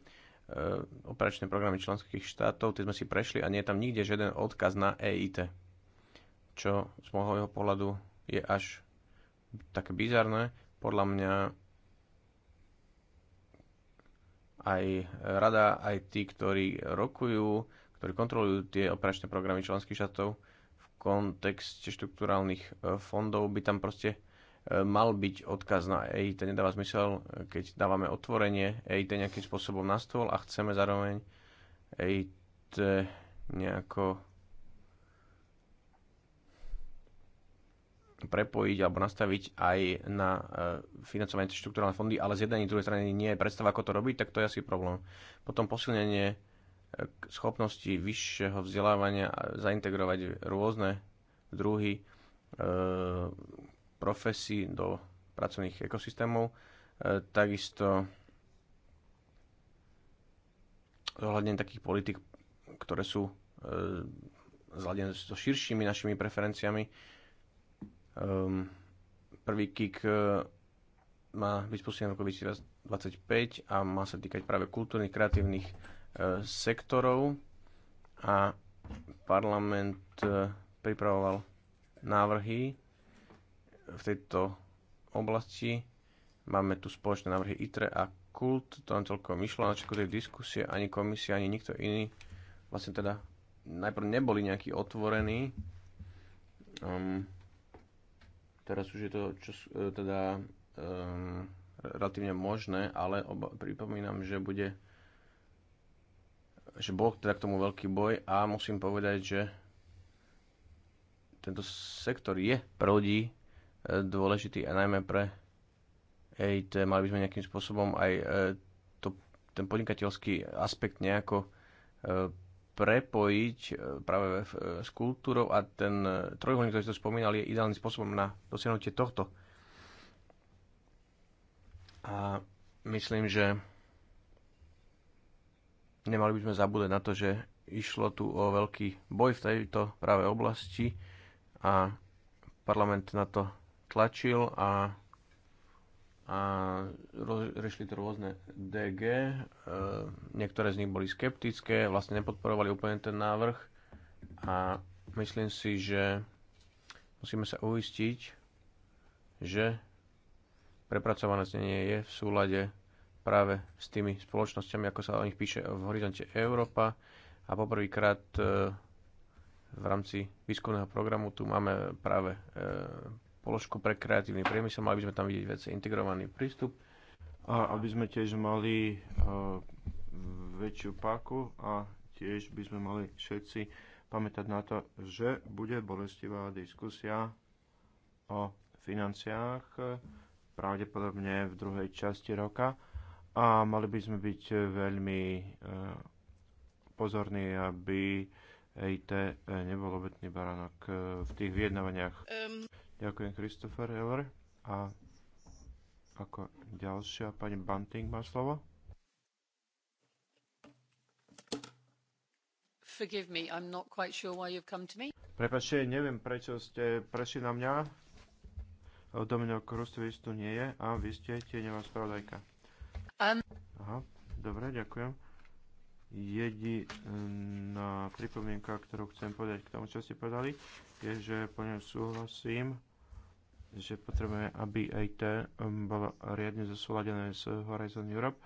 E, operačné programy členských štátov, tie sme si prešli a nie je tam nikde žiaden odkaz na EIT, čo z môjho pohľadu je až také bizarné. Podľa mňa aj rada, aj tí, ktorí rokujú, ktorí kontrolujú tie operačné programy členských štátov v kontexte štruktúrálnych e, fondov, by tam proste e, mal byť odkaz na EIT. Nedáva zmysel, keď dávame otvorenie EIT nejakým spôsobom na stôl a chceme zároveň EIT nejako prepojiť alebo nastaviť aj na e, financovanie štruktúrálne fondy, ale z jednej druhej strany nie je predstava, ako to robiť, tak to je asi problém. Potom posilnenie e, schopnosti vyššieho vzdelávania a zaintegrovať rôzne druhy e, profesí do pracovných ekosystémov. E, takisto zohľadne takých politik, ktoré sú e, zladené so širšími našimi preferenciami, Ehm, prvý kick e, má byť spustený v roku 2025 a má sa týkať práve kultúrnych, kreatívnych e, sektorov a parlament e, pripravoval návrhy v tejto oblasti. Máme tu spoločné návrhy ITRE a KULT, to nám celkom vyšlo na začiatku tej diskusie, ani komisia, ani nikto iný vlastne teda najprv neboli nejakí otvorení. Um, Teraz už je to čo, e, teda um, relatívne možné, ale oba, pripomínam, že bude že bol teda k tomu veľký boj a musím povedať, že tento sektor je pre ľudí e, dôležitý a najmä pre EIT mali by sme nejakým spôsobom aj to, ten podnikateľský aspekt nejako prepojiť e, práve e, s kultúrou a ten e, trojuholník, ktorý ste spomínal, je ideálnym spôsobom na dosiahnutie tohto. A myslím, že nemali by sme zabúdať na to, že išlo tu o veľký boj v tejto práve oblasti a parlament na to tlačil a a riešili to rôzne DG. E, niektoré z nich boli skeptické, vlastne nepodporovali úplne ten návrh a myslím si, že musíme sa uistiť, že prepracované znenie je v súlade práve s tými spoločnosťami, ako sa o nich píše v Horizonte Európa a poprvýkrát e, v rámci výskumného programu tu máme práve e, položku pre kreatívny priemysel, mali by sme tam vidieť veci integrovaný prístup. A aby sme tiež mali uh, väčšiu páku a tiež by sme mali všetci pamätať na to, že bude bolestivá diskusia o financiách eh, pravdepodobne v druhej časti roka a mali by sme byť eh, veľmi pozorní, aby EIT nebol obetný baránok v tých vyjednávaniach. Um. Ďakujem, Christopher Heller. A ako ďalšia, pani Banting má slovo. Forgive me, I'm not quite sure why you've come to me. Prepačte, neviem, prečo ste prešli na mňa. Dominik Rustovič tu nie je a vy ste tieňová spravodajka. Um. Aha, dobre, ďakujem. Jediná pripomienka, ktorú chcem povedať k tomu, čo ste povedali, je, že ňom súhlasím že potrebujeme, aby IT um, bolo riadne zosúladené s Horizon Europe.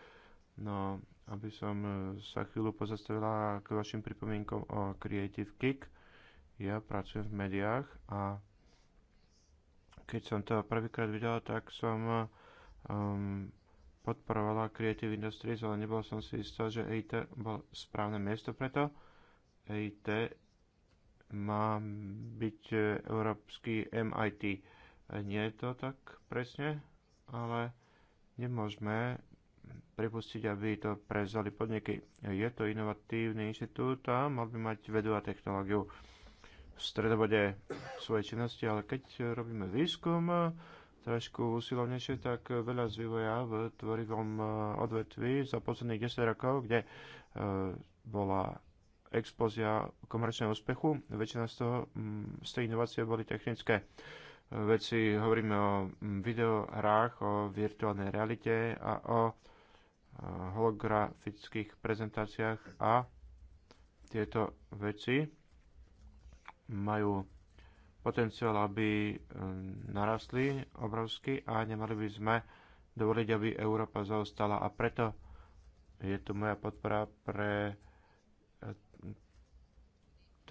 No, aby som uh, sa chvíľu pozastavila k vašim pripomienkom o Creative Kick. Ja pracujem v médiách a keď som to prvýkrát videla, tak som uh, um, podporovala Creative Industries, ale nebol som si istá, že EIT bol správne miesto preto. EIT má byť uh, európsky MIT nie je to tak presne, ale nemôžeme pripustiť, aby to prevzali podniky. Je to inovatívny inštitút a mal by mať vedu a technológiu v stredobode svojej činnosti, ale keď robíme výskum eh, trošku usilovnejšie, tak veľa z vývoja v tvorivom eh, odvetví za posledných 10 rokov, kde eh, bola explózia komerčného úspechu, väčšina z, toho, mm, z tej inovácie boli technické veci. Hovoríme o mm, videohrách, o virtuálnej realite a o eh, holografických prezentáciách a tieto veci majú potenciál, aby eh, narastli obrovsky a nemali by sme dovoliť, aby Európa zaostala a preto je tu moja podpora pre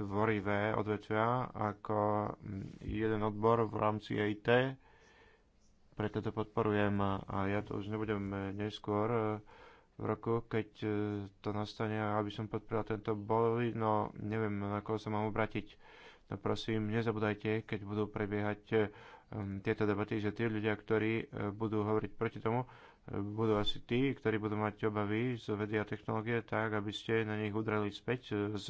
tvorivé odvetvia ako mm, jeden odbor v rámci e IT. Preto to podporujem a ja to už nebudem eh, neskôr eh, v roku, keď eh, to nastane, aby som podporil tento boj, no neviem, na koho sa mám obratiť. No prosím, nezabudajte, keď budú prebiehať mm, tieto debaty, že tí ľudia, ktorí budú hovoriť proti tomu, budú asi tí, ktorí budú mať obavy z vedy a technológie, tak aby ste na nich udrali späť s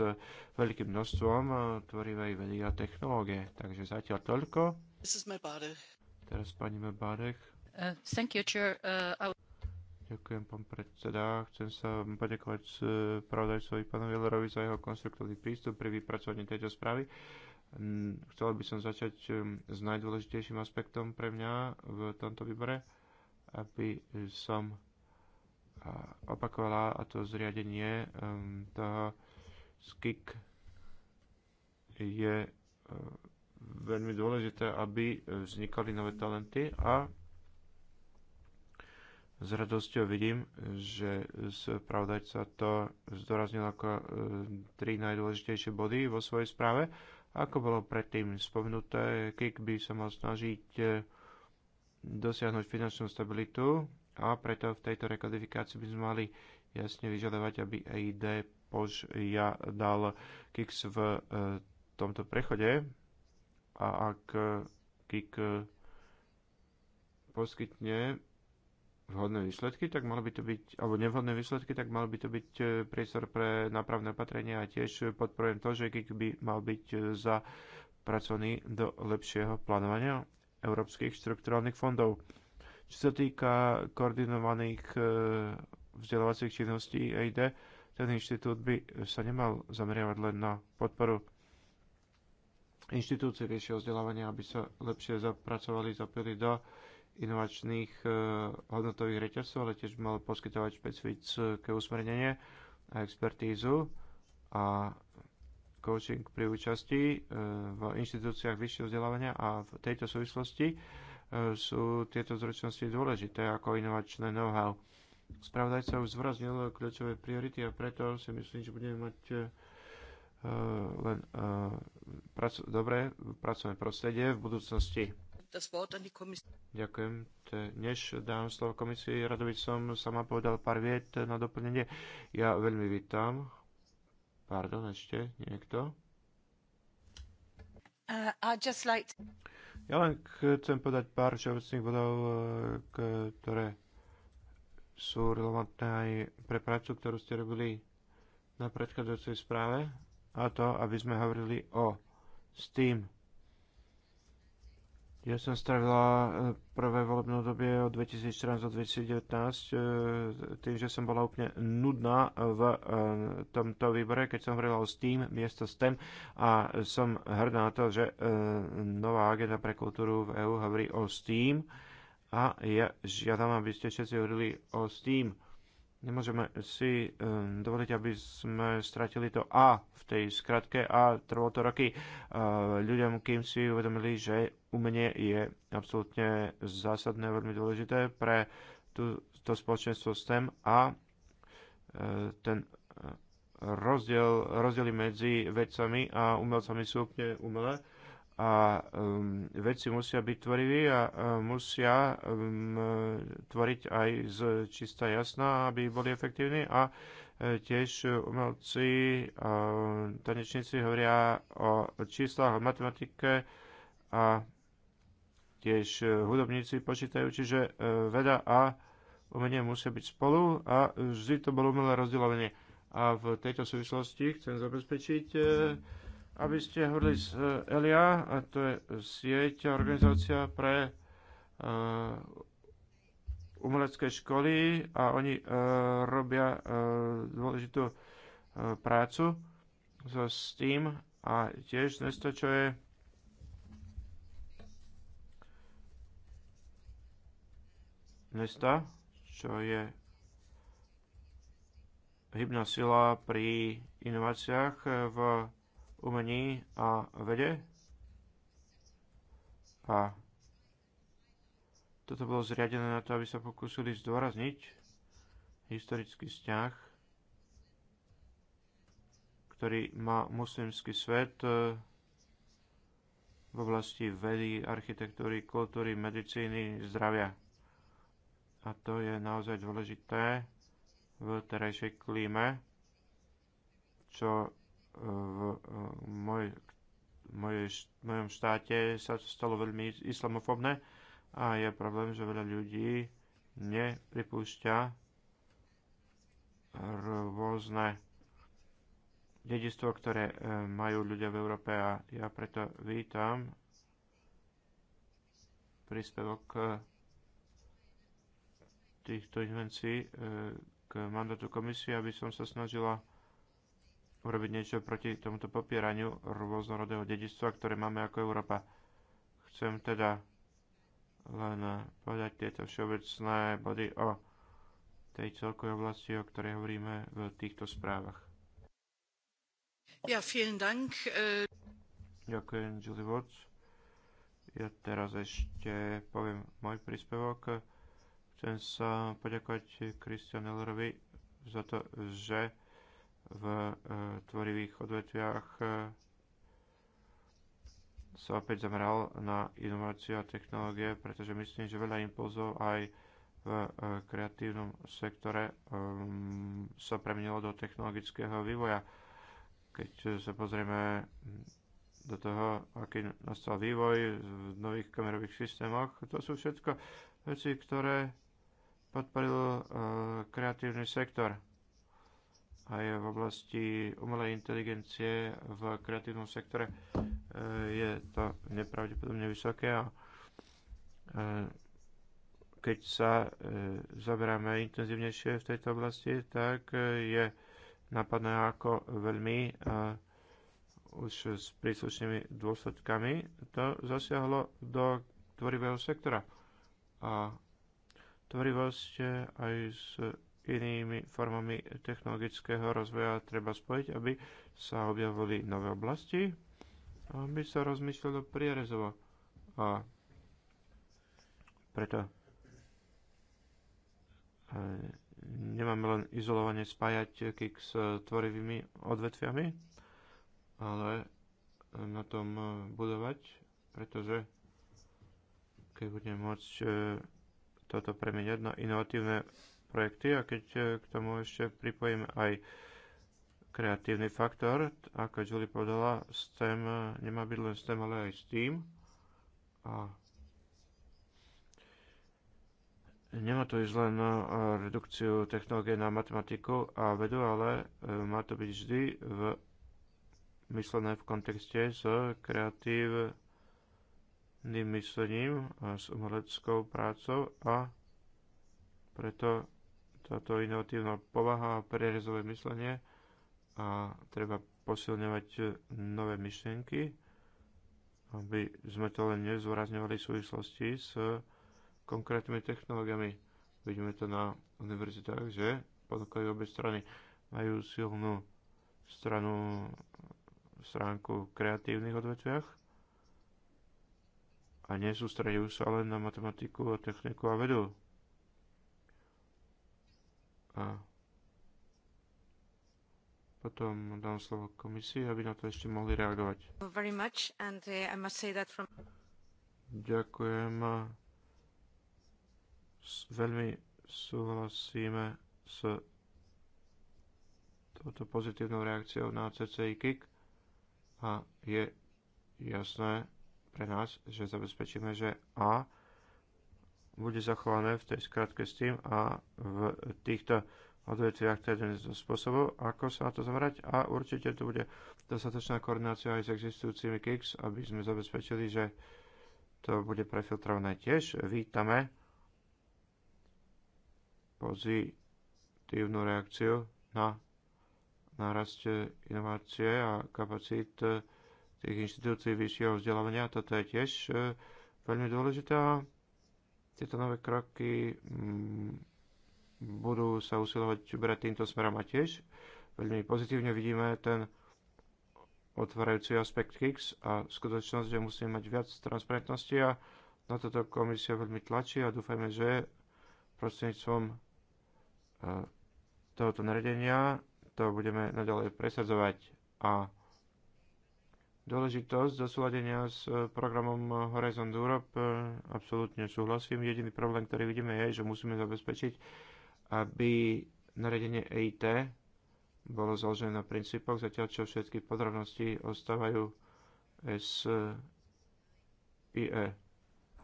veľkým množstvom eh, tvorivej vedy a technológie. Takže zatiaľ toľko. Teraz pani Mebárech. Uh, thank you, chair. Uh, Ďakujem, pán predseda. Chcem sa poďakovať eh, spravodajcovi pánovi Lerovi za jeho konstruktívny prístup pri vypracovaní tejto správy. Chcel by som začať eh, s najdôležitejším aspektom pre mňa v tomto výbore aby som opakovala a to zriadenie um, toho skik je e, veľmi dôležité, aby vznikali nové talenty a s radosťou vidím, že spravodajca to zdoraznil ako e, tri najdôležitejšie body vo svojej správe. Ako bolo predtým spomenuté, KIK by sa mal snažiť e, dosiahnuť finančnú stabilitu a preto v tejto rekodifikácii by sme mali jasne vyžadovať, aby EID požiadal KIX v e, tomto prechode a ak e, KIK e, poskytne vhodné výsledky, tak malo by to byť, alebo nevhodné výsledky, tak mal by to byť priestor pre nápravné opatrenia a tiež podporujem to, že KIK by mal byť zapracovaný do lepšieho plánovania európskych štrukturálnych fondov. Čo sa týka koordinovaných e, vzdelávacích činností EID, ten inštitút by sa nemal zameriavať len na podporu inštitúcií vyššieho vzdelávania, aby sa lepšie zapracovali, zapili do inovačných e, hodnotových reťazcov, ale tiež mal poskytovať špecifické usmernenie a expertízu a coaching pri účasti e, v inštitúciách vyššieho vzdelávania a v tejto súvislosti e, sú tieto zručnosti dôležité ako inovačné know-how. Spravodajca už zvraznil kľúčové priority a preto si myslím, že budeme mať e, len praco- dobré pracovné prostredie v budúcnosti. Ďakujem. Než dám slovo komisii, rado by som sama povedal pár viet na doplnenie. Ja veľmi vítam Pardon, ešte niekto? Uh, I'd just like... to... Ja len chcem podať pár všeobecných bodov, uh, ktoré sú relevantné aj pre prácu, ktorú ste robili na predchádzajúcej správe, a to, aby sme hovorili o Steam ja som strávila eh, prvé volebné obdobie od 2014 do 2019 eh, tým, že som bola úplne nudná v eh, tomto výbore, keď som hovorila o STEAM, miesto STEM a som hrdá na to, že nová agenda pre kultúru v EÚ hovorí o STEAM a ja žiadam, aby ste všetci hovorili o STEAM Nemôžeme si um, dovoliť, aby sme stratili to A v tej skratke a trvalo to roky uh, ľuďom, kým si uvedomili, že umenie je absolútne zásadné, veľmi dôležité pre tú, to spoločenstvo STEM a uh, ten e, rozdiel, rozdiely medzi vedcami a umelcami sú úplne umelé a um, vedci musia byť tvoriví a um, musia um, tvoriť aj z čista jasná, aby boli efektívni a e, tiež umelci a tanečníci hovoria o číslach, o matematike a tiež hudobníci počítajú, čiže e, veda a umenie musia byť spolu a vždy to bolo umelé rozdeľovanie. A v tejto súvislosti chcem zabezpečiť mm aby ste hovorili s eh, ELIA, a to je sieť organizácia pre uh, umelecké školy a oni uh, robia uh, dôležitú uh, prácu so s tým a tiež dnes to, čo je dnes to, čo je hybná sila pri inováciách v uh, umení a vede. A toto bolo zriadené na to, aby sa pokúsili zdôrazniť historický vzťah, ktorý má muslimský svet e, v oblasti vedy, architektúry, kultúry, medicíny, zdravia. A to je naozaj dôležité v terajšej klíme, čo v moj, v mojom štáte sa stalo veľmi islamofobné a je problém, že veľa ľudí nepripúšťa rôzne dedistvo, ktoré e, majú ľudia v Európe a ja preto vítam príspevok e, týchto invencií e, k mandátu komisie, aby som sa snažila urobiť niečo proti tomuto popieraniu rôznorodého dedičstva, ktoré máme ako Európa. Chcem teda len povedať tieto všeobecné body o tej celkovej oblasti, o ktorej hovoríme v týchto správach. Ja, vielen Dank. Eh. Ďakujem, Julie Watts. Ja teraz ešte poviem môj príspevok. Chcem sa poďakovať Christian Ellerovi za to, že v e, tvorivých odvetviach e, sa opäť zameral na inováciu a technológie, pretože myslím, že veľa impulzov aj v e, kreatívnom sektore ehm, sa premenilo do technologického vývoja. Keď sa pozrieme do toho, aký nastal vývoj v nových kamerových systémoch, to sú všetko veci, ktoré podporil kreatívny sektor aj v oblasti umelej inteligencie v kreatívnom sektore e, je to nepravdepodobne vysoké a e, keď sa e, zaberáme intenzívnejšie v tejto oblasti, tak je napadné ako veľmi už s príslušnými dôsledkami to zasiahlo do tvorivého sektora. A tvorivosť aj s inými formami technologického rozvoja treba spojiť, aby sa objavili nové oblasti, aby sa rozmýšľalo prierezovo. A preto e, nemáme len izolovanie spájať KIK s tvorivými odvetviami, ale na tom e, budovať, pretože keď budeme môcť e, toto premeniať na inovatívne projekty a keď e, k tomu ešte pripojíme aj kreatívny faktor, ako Julie povedala, STEM e, nemá byť len STEM, ale aj STEAM. A nemá to ísť len na redukciu technológie na matematiku a vedu, ale e, má to byť vždy v, myslené v kontexte s kreatívnym myslením a s umeleckou prácou a preto táto inovatívna povaha a prerezové myslenie a treba posilňovať nové myšlienky, aby sme to len nezvorazňovali v súvislosti s konkrétnymi technológiami. Vidíme to na univerzitách, že ponúkajú obe strany. Majú silnú stranu, stránku v kreatívnych odvetviach a nesústredujú sa len na matematiku a techniku a vedu. A potom dám slovo komisii, aby na to ešte mohli reagovať. Ďakujem. Veľmi súhlasíme s touto pozitívnou reakciou na CCI KIK a je jasné pre nás, že zabezpečíme, že A bude zachované v tej skratke s tým a v týchto odvetviach to je jeden zo spôsobov, ako sa na to zamerať a určite tu bude dostatočná koordinácia aj s existujúcimi KIX, aby sme zabezpečili, že to bude prefiltrované tiež. Vítame pozitívnu reakciu na nárast inovácie a kapacít tých inštitúcií vyššieho vzdelávania. Toto je tiež eh, veľmi dôležité tieto nové kroky mm, budú sa usilovať brať týmto smerom a tiež veľmi pozitívne vidíme ten otvárajúci aspekt KIX a skutočnosť, že musíme mať viac transparentnosti a na toto komisia veľmi tlačí a dúfajme, že prostredníctvom e, tohoto naredenia to budeme naďalej presadzovať a dôležitosť zosúladenia s e, programom Horizon Europe. E, absolútne súhlasím. Jediný problém, ktorý vidíme, je, že musíme zabezpečiť, aby naredenie EIT bolo založené na princípoch, zatiaľ čo všetky podrobnosti ostávajú SIE.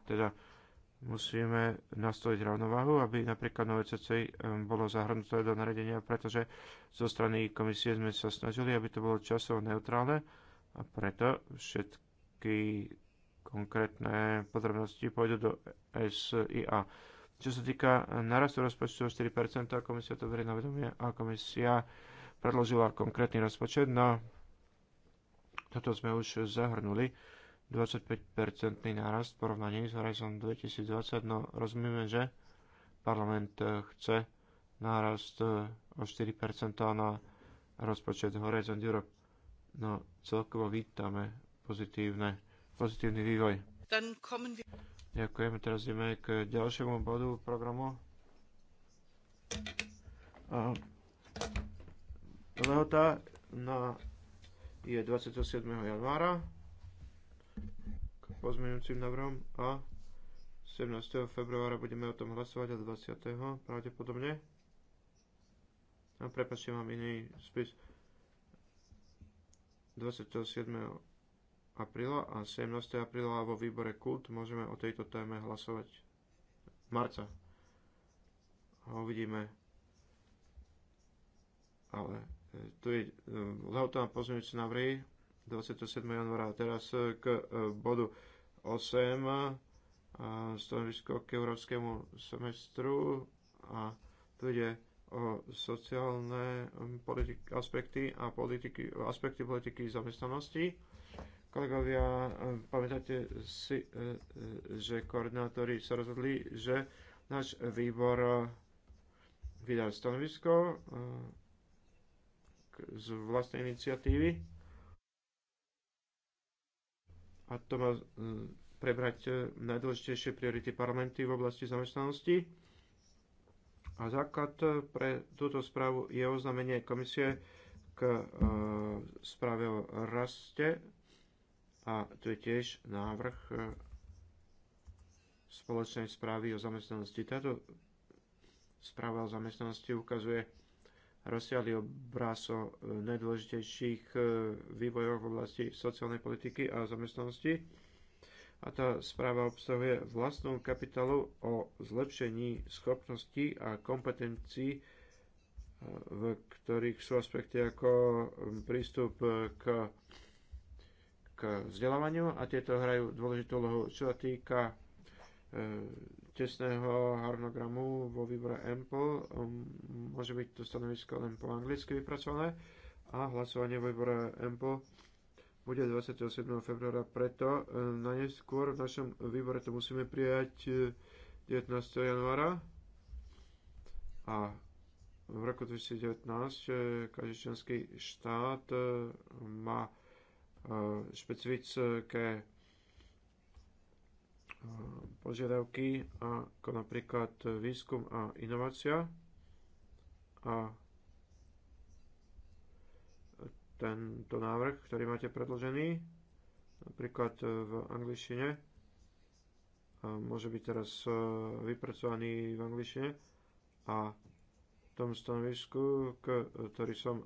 Teda musíme nastoliť rovnováhu, aby napríklad nové CC e, bolo zahrnuté do naredenia, pretože zo strany komisie sme sa snažili, aby to bolo časovo neutrálne a preto všetky konkrétne podrobnosti pôjdu do SIA. Čo sa týka narastu rozpočtu o 4%, komisia to berie na vedomie a komisia predložila konkrétny rozpočet, no toto sme už zahrnuli. 25-percentný nárast v porovnaní s Horizon 2020, no rozumieme, že parlament chce nárast o 4% na rozpočet Horizon Europe. No celkovo vítame pozitívne, pozitívny vývoj. Ďakujeme, teraz ideme k ďalšiemu bodu programu. A lehota na, je 27. januára k pozmeňujúcim návrhom a 17. februára budeme o tom hlasovať a 20. pravdepodobne. A prepačte, mám iný spis. 27. apríla a 17. apríla vo výbore KULT môžeme o tejto téme hlasovať. Marca. A uvidíme. Ale e, tu je e, lehota na pozmeňujúce návrhy 27. januára. Teraz e, k bodu 8 stanovisko k európskemu semestru a tu ide sociálne um, aspekty a politiky, aspekty politiky zamestnanosti. Kolegovia, um, pamätáte si, e, e, že koordinátori sa rozhodli, že náš výbor e, vydal stanovisko z vlastnej iniciatívy a to má prebrať najdôležitejšie priority parlamenty v oblasti zamestnanosti a základ eh, pre túto správu je oznámenie komisie k eh, správe o raste a tu je tiež návrh eh, spoločnej správy o zamestnanosti. Táto správa o zamestnanosti ukazuje rozsiahly obraz o najdôležitejších vývojoch v oblasti sociálnej politiky a zamestnanosti a tá správa obsahuje vlastnú kapitolu o zlepšení schopností a kompetencií, e, v ktorých sú aspekty ako prístup k, k vzdelávaniu a tieto hrajú dôležitú úlohu. Čo sa týka e, tesného harmonogramu vo výbore Ample. Môže byť to stanovisko len po anglicky vypracované a hlasovanie vo výbore Ample bude 27. februára. Preto e, na neskôr v našom výbore to musíme prijať 19. E, januára. A v roku 2019 e, každý členský štát má špecifické požiadavky ako napríklad výskum a inovácia a tento návrh, ktorý máte predložený, napríklad e, v angličtine, a môže byť teraz e, vypracovaný v angličtine a v tom stanovisku, ktorý som e,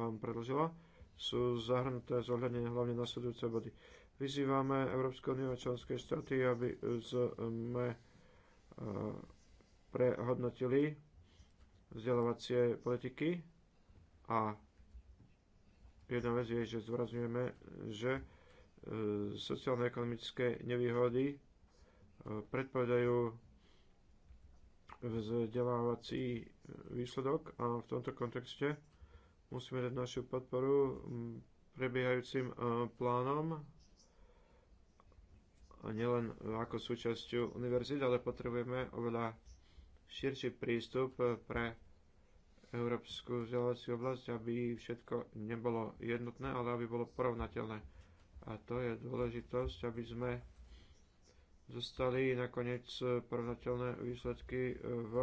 vám predložila, sú zahrnuté zohľadnené hlavne nasledujúce body. Vyzývame Európsku unie a členské štáty, aby sme prehodnotili vzdelávacie politiky a Jedna vec je, že zdôrazňujeme, že e, sociálne-ekonomické nevýhody e, predpovedajú vzdelávací výsledok a v tomto kontexte musíme dať našu podporu prebiehajúcim e, plánom a nielen ako súčasťou univerzity, ale potrebujeme oveľa širší prístup pre európsku vzdelávaciu oblasť, aby všetko nebolo jednotné, ale aby bolo porovnateľné. A to je dôležitosť, aby sme zostali nakoniec porovnateľné výsledky v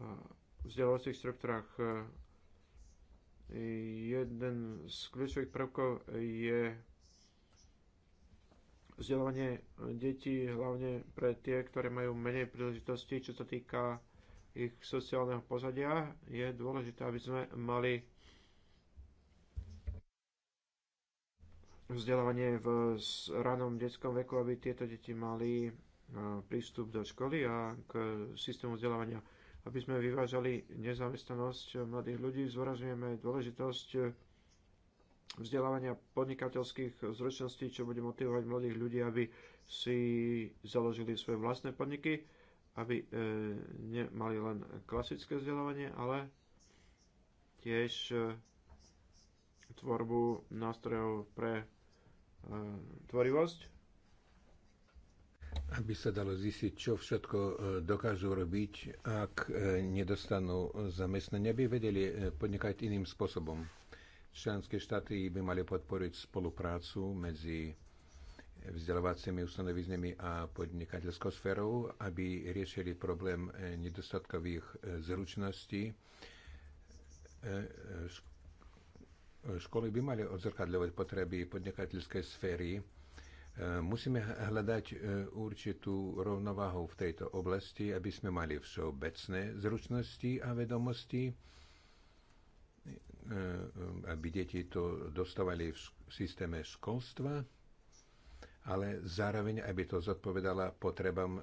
eh, vzdelávacích štruktúrach. Jeden z kľúčových prvkov je vzdelávanie detí, hlavne pre tie, ktoré majú menej príležitostí, čo sa týka ich sociálneho pozadia, je dôležité, aby sme mali vzdelávanie v ranom detskom veku, aby tieto deti mali prístup do školy a k systému vzdelávania. Aby sme vyvážali nezamestnanosť mladých ľudí, zvorazňujeme dôležitosť vzdelávania podnikateľských zručností, čo bude motivovať mladých ľudí, aby si založili svoje vlastné podniky, aby e, nemali len klasické vzdelávanie, ale tiež e, tvorbu nástrojov pre e, tvorivosť. Aby sa dalo zistiť, čo všetko e, dokážu robiť, ak e, nedostanú zamestnanie, aby vedeli e, podnikať iným spôsobom. Členské štáty by mali podporiť spoluprácu medzi vzdelávacími ustanovizmi a podnikateľskou sférou, aby riešili problém eh, nedostatkových eh, zručností. Eh, školy by mali odzrkadľovať potreby podnikateľskej sféry. Musíme hľadať určitú rovnováhu v tejto oblasti, aby sme mali všeobecné zručnosti a vedomosti, E, aby deti to dostávali v systéme školstva, ale zároveň, aby to zodpovedala potrebám e,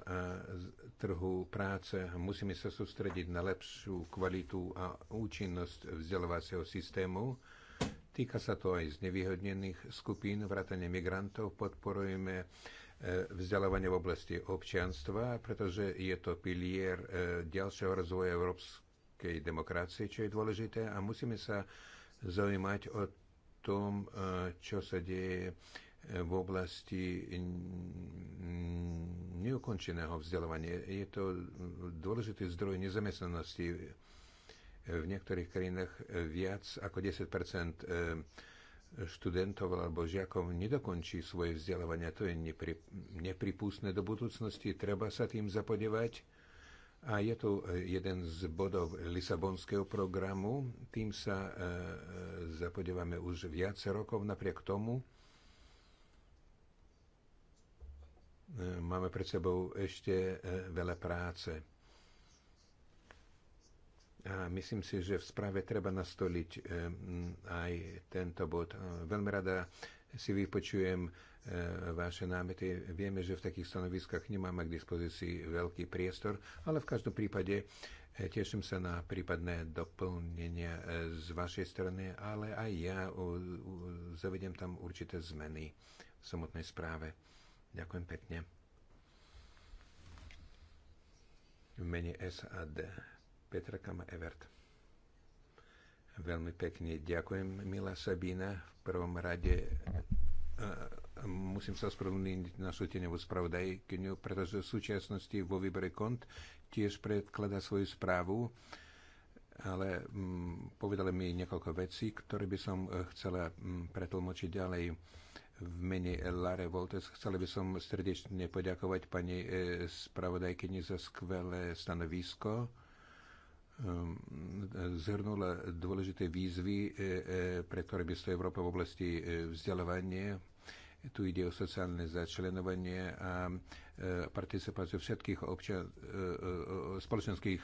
trhu práce. Musíme sa sústrediť na lepšiu kvalitu a účinnosť vzdelávacieho systému. Týka sa to aj znevýhodnených skupín, vrátane migrantov. Podporujeme e, vzdelávanie v oblasti občianstva, pretože je to pilier ďalšieho rozvoja Európskej európskej demokracie, čo je dôležité a musíme sa zaujímať o tom, e, čo sa deje e, v oblasti neukončeného vzdelávania. Je to dôležitý zdroj nezamestnanosti. V niektorých krajinách viac ako 10 e, študentov alebo žiakov nedokončí svoje vzdelávanie. To je nepri, nepripustné do budúcnosti. Treba sa tým zapodievať. A je to e, jeden z bodov Lisabonského programu. Tým sa e, e, zapodievame už viac rokov. Napriek tomu e, máme pred sebou ešte e, veľa práce. A myslím si, že v správe treba nastoliť e, aj tento bod. Veľmi rada si vypočujem e, vaše námety. Vieme, že v takých stanoviskách nemáme k dispozícii veľký priestor, ale v každom prípade e, Teším sa na prípadné doplnenia e, z vašej strany, ale aj ja zavedem tam určité zmeny v samotnej správe. Ďakujem pekne. V mene SAD Petra Kama Evert. Veľmi pekne ďakujem, milá Sabína. V prvom rade e, musím sa ospravedlniť na súteňovú spravodajkyňu, pretože v súčasnosti vo výbore kont tiež predklada svoju správu, ale mm, povedali mi niekoľko vecí, ktoré by som e, chcela mm, pretlmočiť ďalej v mene Lare Voltes. Chcela by som srdečne poďakovať pani e, spravodajkyni za skvelé stanovisko Ehm, e, zhrnul dôležité výzvy, e, e, pre ktoré by stojí Európa v oblasti vzdelávania. Tu ide o sociálne začlenovanie a participáciu všetkých občan, spoločenských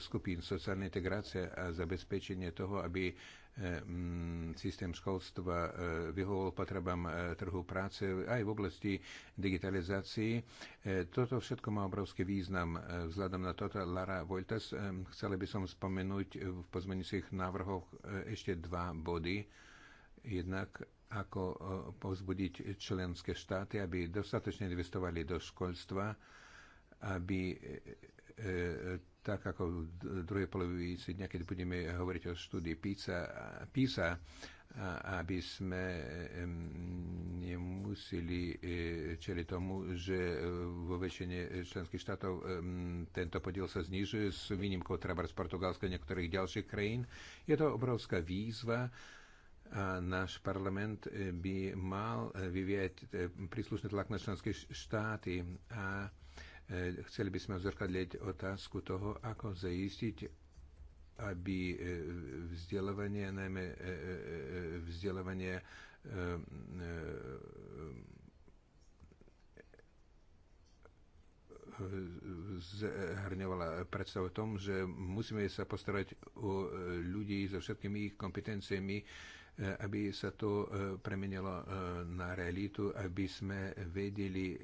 skupín, sociálna integrácia a zabezpečenie toho, aby E, mm, systém školstva e, vyhovoval potrebám e, trhu práce aj v oblasti digitalizácií. Toto všetko má obrovský význam. Vzhľadom na toto, Lara Voltas, chcela by som spomenúť v pozmeňujúcich návrhoch ešte dva body. Jednak ako povzbudiť členské štáty, aby dostatočne investovali do školstva, aby tak ako v druhej polovici dňa, keď budeme hovoriť o štúdii PISA, PISA aby sme nemuseli e, čeliť tomu, že e, vo väčšine členských štátov tento podiel sa znižuje s výnimkou Trabar z Portugalska a niektorých ďalších krajín. Je to obrovská výzva a náš parlament e, by mal vyvieť príslušný tlak na členské štáty a Eh, chceli by sme zrkadliť otázku toho, ako zaistiť, aby eh, vzdelávanie, najmä eh, vzdelávanie zhrňovala predstavu o tom, že musíme sa postarať o ľudí so všetkými ich kompetenciami, aby sa to premenilo na realitu, aby sme vedeli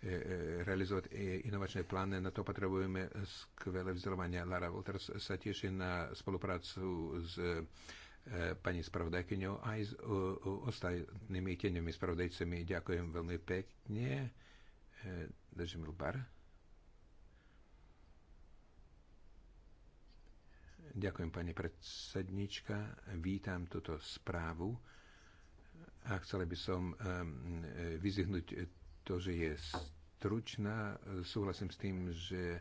E, e, realizovať e, inovačné plány. Na to potrebujeme skvelé vzdelávanie Lara Wolters sa teší na spoluprácu s pani spravodajkyňou aj s ostatnými tenými spravodajcami. Ďakujem veľmi pekne. Držím bar. Ďakujem, pani predsednička. Vítam túto správu a chcel by som vyzihnúť to, že je stručná. Súhlasím s tým, že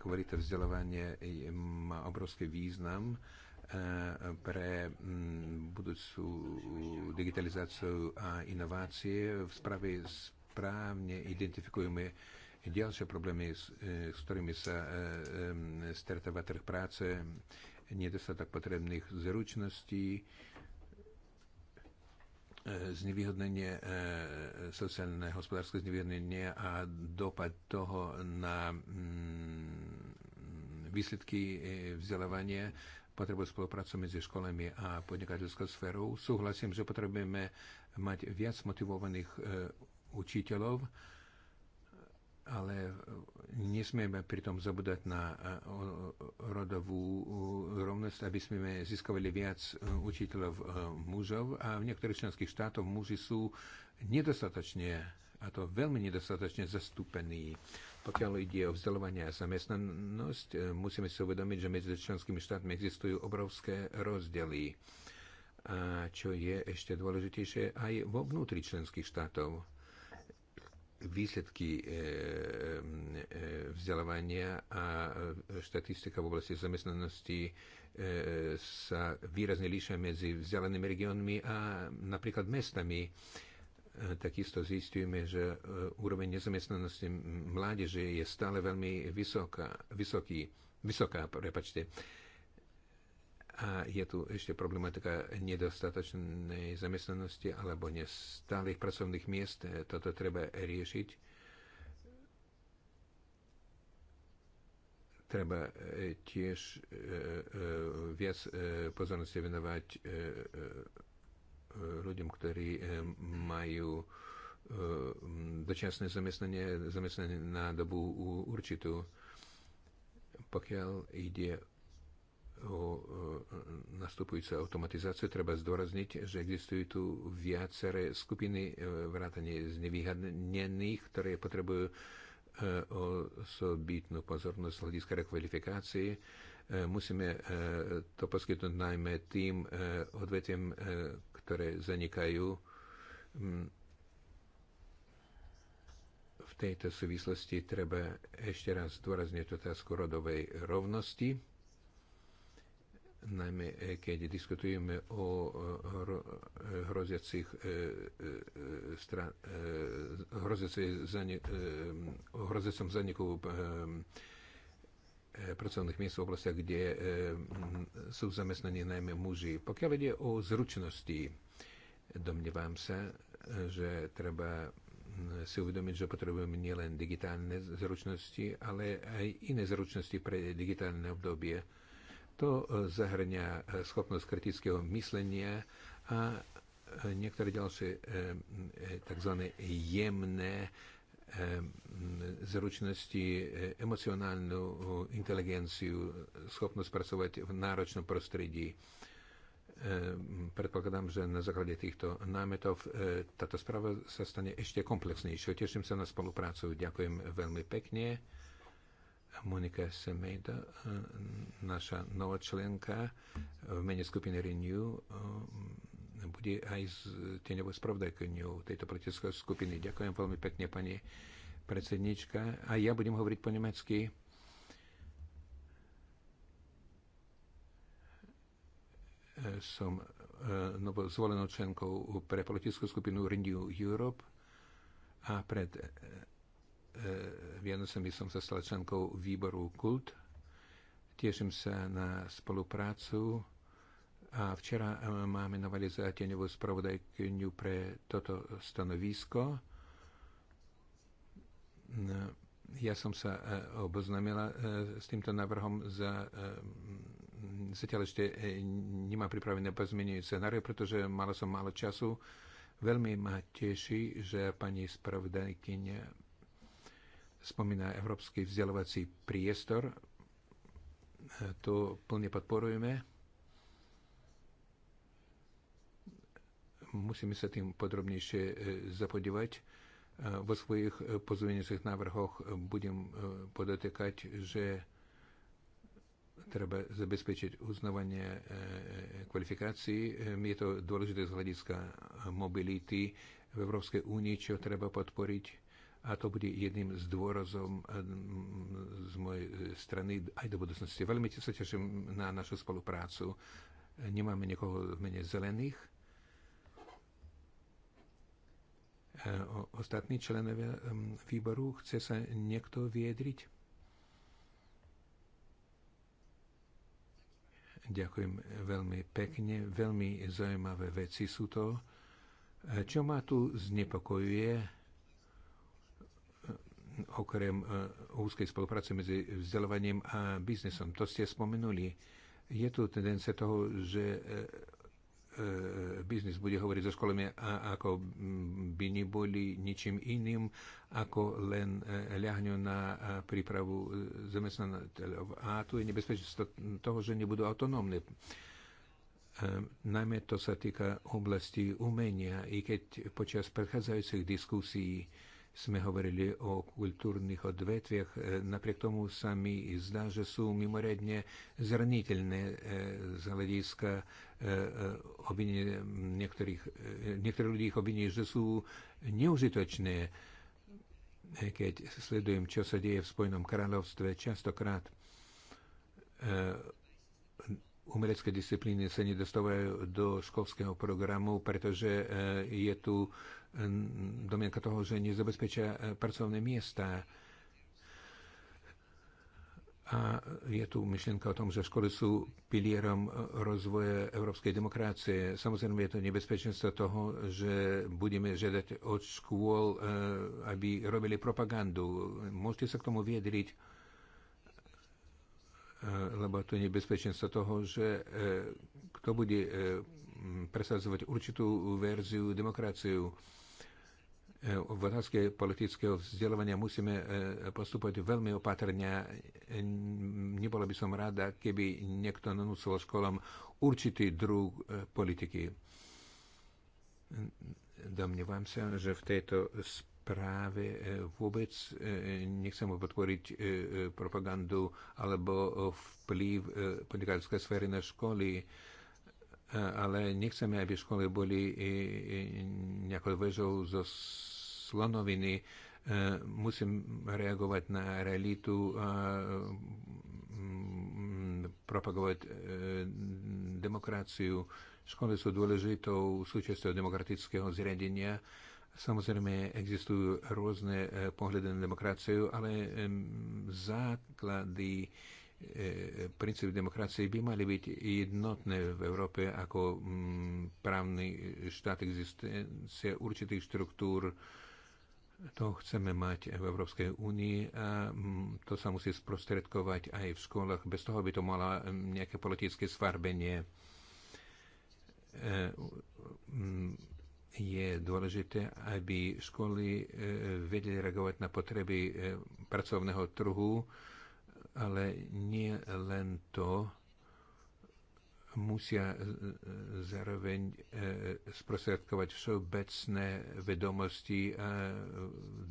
kvalita vzdelávania má obrovský význam eh, pre mm, budúcu digitalizáciu a inovácie. V správe správne identifikujeme ďalšie problémy, s eh, ktorými sa eh, stretáva trh práce, nedostatok potrebných zručností, Eh, znevýhodnenie, eh, sociálne hospodárske znevýhodnenie a dopad toho na mm, výsledky eh, vzdelávania, potrebu spoluprácu medzi školami a podnikateľskou sférou. Súhlasím, že potrebujeme mať viac motivovaných učiteľov, ale e, nesmieme pritom zabúdať na e, rodovú e, rovnosť, aby sme získovali viac učiteľov mužov a v niektorých členských štátoch muži sú nedostatočne a to veľmi nedostatočne zastúpení. Pokiaľ ide o vzdelovanie a zamestnanosť, musíme si uvedomiť, že medzi členskými štátmi existujú obrovské rozdiely. A čo je ešte dôležitejšie aj vo vnútri členských štátov výsledky eh, eh, vzdelávania a eh, štatistika v oblasti zamestnanosti sa výrazne líšia medzi vzdelanými regiónmi a napríklad mestami. Takisto zistujeme, že úroveň nezamestnanosti mládeže je stále veľmi vysoká, vysoký, vysoká. Prepačte. A je tu ešte problematika nedostatočnej zamestnanosti alebo nestálych pracovných miest. E, toto treba riešiť. Treba e, tiež e, viac pozornosti venovať ľuďom, ktorí majú dočasné zamestnanie, zamestnanie na dobu určitú. Pokiaľ ide o nastupujúcej automatizácii, treba zdôrazniť, že existujú tu viaceré skupiny e, vrátane z nevyhadnených, ktoré potrebujú e, osobitnú pozornosť z hľadiska rekvalifikácie. E, musíme to poskytnúť najmä tým odvetiem, ktoré zanikajú. V tejto súvislosti treba ešte raz zdôrazniť otázku rodovej rovnosti najmä eh, keď diskutujeme o hroziacich hroziacom zaniku eh, eh, pracovných miest v oblastiach, kde sú zamestnaní najmä muži. Pokiaľ ide o zručnosti, domnievam sa, že treba mm, si uvedomiť, že potrebujeme nielen digitálne zručnosti, ale aj iné zručnosti pre digitálne obdobie to e, zahrňa e, schopnosť kritického myslenia a e, niektoré ďalšie tzv. jemné zručnosti, emocionálnu inteligenciu, schopnosť pracovať v náročnom prostredí. Predpokladám, že na základe týchto námetov táto správa sa stane ešte komplexnejšou. Teším sa na spoluprácu. Ďakujem veľmi pekne. Monika Semejda, eh, naša nová členka v mene skupiny Renew, eh, bude aj z tieňovou spravodajkou tejto politickej skupiny. Ďakujem veľmi pekne, pani predsednička. A ja budem hovoriť po nemecky. Eh, som novozvolenou členkou pre politickú skupinu Renew Europe a pred Eh, Vianocami som sa stala členkou výboru Kult. Teším sa na spoluprácu a včera eh, máme novali za tieňovú spravodajkyňu pre toto stanovisko. No, ja som sa eh, oboznámila s týmto návrhom za zatiaľ ešte nemám pripravené pozmenujúce scenáriu, pretože mala som málo času. Veľmi ma teší, že pani spravodajkyňa spomína Európsky vzdelávací priestor. To plne podporujeme. Musíme sa tým podrobnejšie e, zapodívať. E, vo svojich e, pozveniacich návrhoch budem podotekať, že treba zabezpečiť uznávanie kvalifikácií. Je to dôležité z hľadiska mobility v Európskej únii, čo treba podporiť a to bude jedným z dôrazom eh, z mojej eh, strany aj do budúcnosti. Veľmi sa teším na našu spoluprácu. Nemáme niekoho v mene zelených. Eh, ostatní členovia výboru, chce sa niekto viedriť? Ďakujem veľmi pekne, veľmi zaujímavé veci sú to. Čo ma tu znepokojuje, okrem e, úzkej spolupráce medzi vzdelávaním a biznesom. To ste spomenuli. Je tu tendencia toho, že e, e, biznis bude hovoriť so školami, ako by neboli ničím iným, ako len ľahňu na prípravu zamestnanateľov. A tu je nebezpečenstvo toho, že nebudú autonómne. Najmä to sa týka oblasti umenia, i keď počas predchádzajúcich diskusí sme hovorili o kultúrnych odvetviach. E, napriek tomu sa mi zdá, že sú mimoriadne zraniteľné e, z hľadiska e, obvinie niektorých, niektorí ľudí ich obvinie, že sú neužitočné. Keď sledujem, čo sa deje v Spojenom kráľovstve, častokrát umelecké disciplíny sa nedostávajú do školského programu, pretože je tu domienka toho, že nezabezpečia e, pracovné miesta. A je tu myšlienka o tom, že školy sú pilierom e, rozvoja európskej demokracie. Samozrejme je to nebezpečenstvo toho, že budeme žiadať od škôl, e, aby robili propagandu. Môžete sa k tomu viedriť, lebo to je nebezpečenstvo toho, že kto bude presadzovať určitú verziu demokraciu v otázke politického vzdelávania musíme e, postupovať veľmi opatrne. Nebola by som rada, keby niekto nanúcoval školom určitý druh e, politiky. Domnievam sa, že v tejto správe e, vôbec nechcem podporiť propagandu alebo vplyv podnikateľskej sféry na školy ale nechceme, aby školy boli e, e, nejakou väžou zo slonoviny. E, musím reagovať na realitu, mm, propagovať demokraciu. Školy sú dôležitou súčasťou demokratického zriadenia. Samozrejme, existujú rôzne pohľady na demokraciu, ale základy E, princípy demokracie by mali byť jednotné v Európe ako mm, právny štát existencia určitých štruktúr. To chceme mať v Európskej únii a mm, to sa musí sprostredkovať aj v školách. Bez toho by to mala mm, nejaké politické sfarbenie. E, je dôležité, aby školy e, vedeli reagovať na potreby pracovného trhu, ale nie len to, musia zároveň e, sprostredkovať všeobecné vedomosti a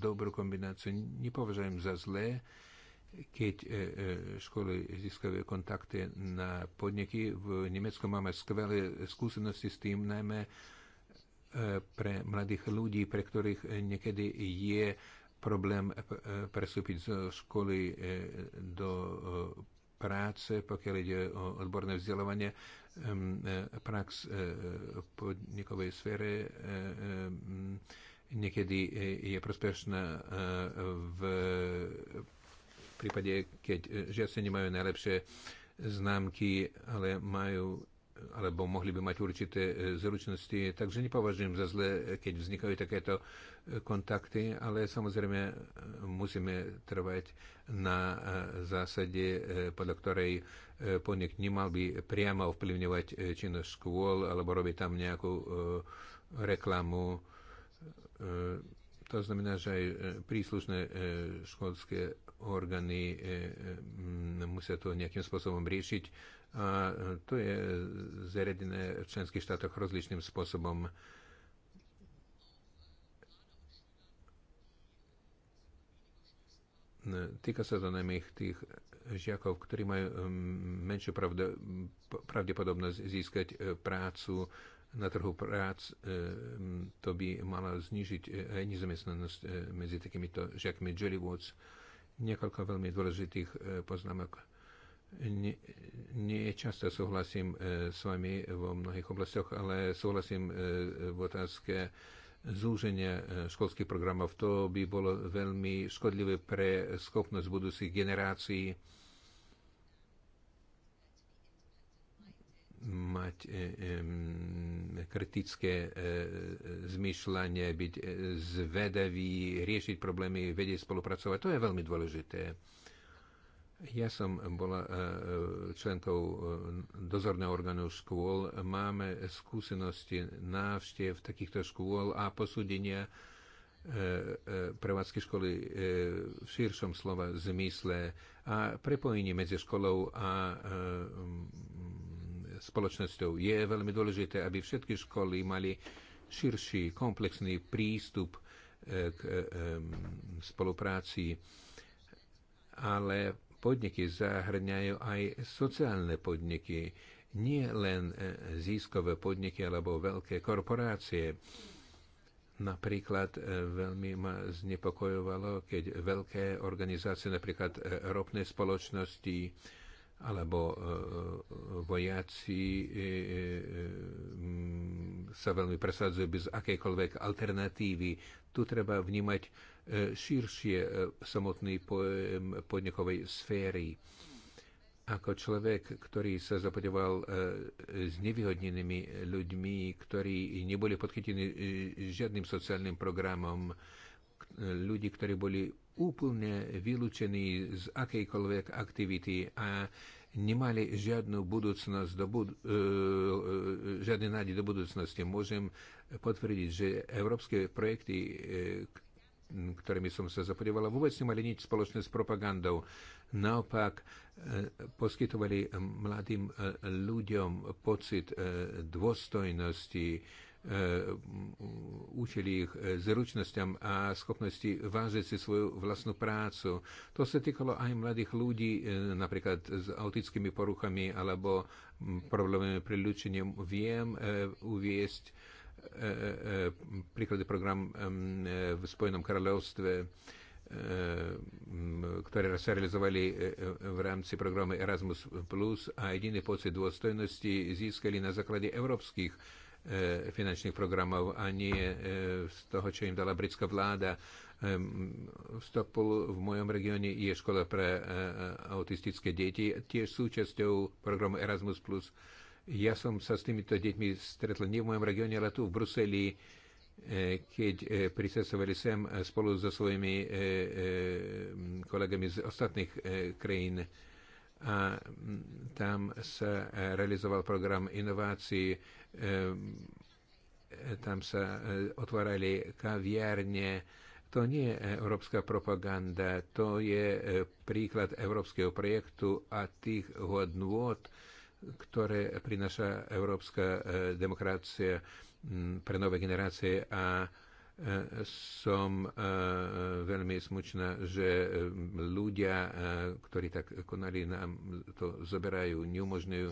dobrú kombináciu. Nepovažujem za zlé, keď e, e, školy získajú kontakty na podniky. V Nemecku máme skvelé skúsenosti s tým, najmä pre mladých ľudí, pre ktorých niekedy je problém eh, eh, prestúpiť zo školy eh, do práce, pokiaľ ide o odborné vzdelávanie, ehm, prax podnikovej sfére ehm, niekedy je prospešná v prípade, keď žiaci nemajú najlepšie známky, ale majú alebo mohli by mať určité zručnosti. Takže nepovažujem za zle, keď vznikajú takéto kontakty, ale samozrejme e, musíme trvať na e, zásade, e, podľa ktorej podnik nemal by priamo ovplyvňovať činnosť škôl alebo robiť tam nejakú reklamu. To znamená, že aj príslušné školské orgány musia to nejakým spôsobom riešiť. A to je zariadené v členských štátoch rozličným spôsobom. Týka sa to najmä tých žiakov, ktorí majú eh, menšiu pravdepodobnosť získať eh, prácu na trhu prác. Eh, to by mala znižiť aj nezamestnanosť medzi takýmito žiakmi Jelly Woods. Niekoľko veľmi dôležitých poznámok. Nie, nie často súhlasím s vami vo mnohých oblastiach, ale súhlasím v otázke zúženie e, školských programov. To by bolo veľmi škodlivé pre schopnosť budúcich generácií mať e, kritické e, zmyšľanie, byť zvedavý, riešiť problémy, vedieť spolupracovať. To je veľmi dôležité. Ja som bola e, e, členkou e, dozorného orgánu škôl. Máme skúsenosti návštev takýchto škôl a posúdenia prevádzky školy v širšom slova zmysle a prepojenie medzi školou a spoločnosťou. Je veľmi dôležité, aby všetky školy mali širší, komplexný prístup k spolupráci ale podniky zahrňajú aj sociálne podniky, nie len e, získové podniky alebo veľké korporácie. Napríklad e, veľmi ma znepokojovalo, keď veľké organizácie, napríklad e, ropné spoločnosti, alebo e, e, vojaci e, sa veľmi presadzujú bez akejkoľvek alternatívy. Tu treba vnímať širšie samotný pojem podnikovej sféry. Ako človek, ktorý sa zapodoval s nevyhodnenými ľuďmi, ktorí neboli podchytení žiadnym sociálnym programom, ľudí, ktorí boli úplne vylúčení z akejkoľvek aktivity a nemali žiadnu budúcnosť, do bud- e, e, žiadne nádej do budúcnosti. Môžem potvrdiť, že európske projekty, e, ktorými som sa zapodievala, vôbec nemali nič spoločné s propagandou. Naopak poskytovali mladým ľuďom pocit dôstojnosti, E, učili ich e, zručnosťam a schopnosti vážiť si svoju vlastnú prácu. To sa týkalo aj mladých ľudí, e, napríklad s autickými poruchami alebo problémami pri ľučení. Viem uviesť príklady program v Spojenom kráľovstve ktoré sa realizovali v rámci programu Erasmus+, a jediný pocit dôstojnosti získali na základe európskych E, finančných programov a nie e, z toho, čo im dala britská vláda. V Stopolu v mojom regióne je škola pre e, autistické deti, tiež súčasťou programu Erasmus+. Ja som sa s týmito deťmi stretol nie v mojom regióne, ale tu v Bruseli, keď pricestovali sem spolu so svojimi kolegami z ostatných krajín a tam sa realizoval program inovácií E tam sa e, otvárali kaviárne. To nie je európska propaganda, to je e, príklad európskeho projektu a tých hodnôt, ktoré prináša európska demokracia pre nové generácie a som veľmi smučná, že ľudia, ktorí tak konali, nám to zoberajú, neumožňujú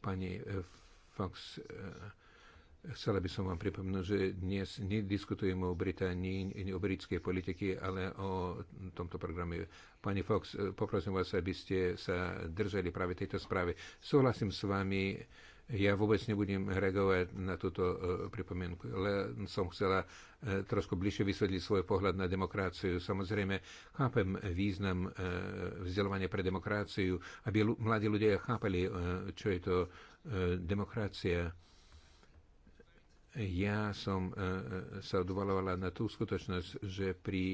Pani eh, Fox, eh, chcela by som vám pripomenúť, že dnes nediskutujeme o Británii, o britskej politike, ale o tomto programe. Pani Fox, eh, poprosím vás, aby ste sa držali práve tejto správy. Súhlasím s vami, ja vôbec nebudem reagovať na túto e, pripomienku, ale som chcela e, trošku bližšie vysvetliť svoj pohľad na demokraciu. Samozrejme, chápem význam e, vzdelovania pre demokraciu, aby mladí ľudia chápali, čo je to demokracia. Ja som sa odvalovala na tú skutočnosť, že pri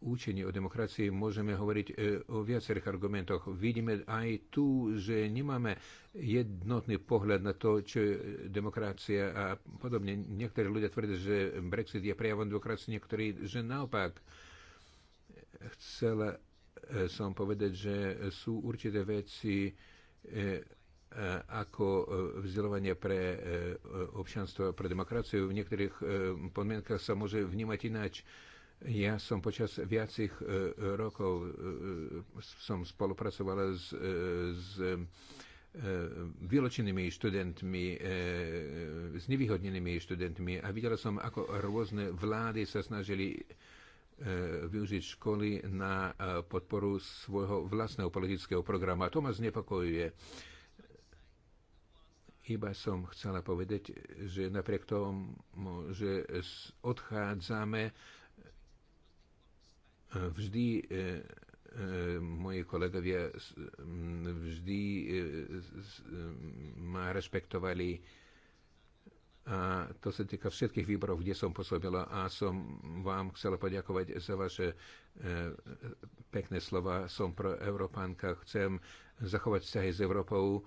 učení o demokracii môžeme hovoriť e, o viacerých argumentoch. Vidíme aj tu, že nemáme jednotný pohľad na to, čo je demokracia a podobne. Niektorí ľudia tvrdia, že Brexit je prejavom demokracie, niektorí, že naopak. Chcela e, som povedať, že sú určité veci e, e ako e, vzdelovanie pre občanstvo, pre demokraciu. V niektorých podmienkach sa môže vnímať ináč ja som počas viacich e, e, rokov e, som spolupracovala s, s vyločenými študentmi, s nevyhodnenými študentmi a videla som, ako rôzne vlády sa snažili využiť školy na podporu svojho vlastného politického programu. A to ma znepokojuje. Iba som chcela povedať, že napriek tomu, že odchádzame Vždy e, e, moji kolegovia vždy e, ma rešpektovali a to sa týka všetkých výborov, kde som pôsobila a som vám chcela poďakovať za vaše pekné slova. Som pro Európanka, chcem zachovať vzťahy s Európou.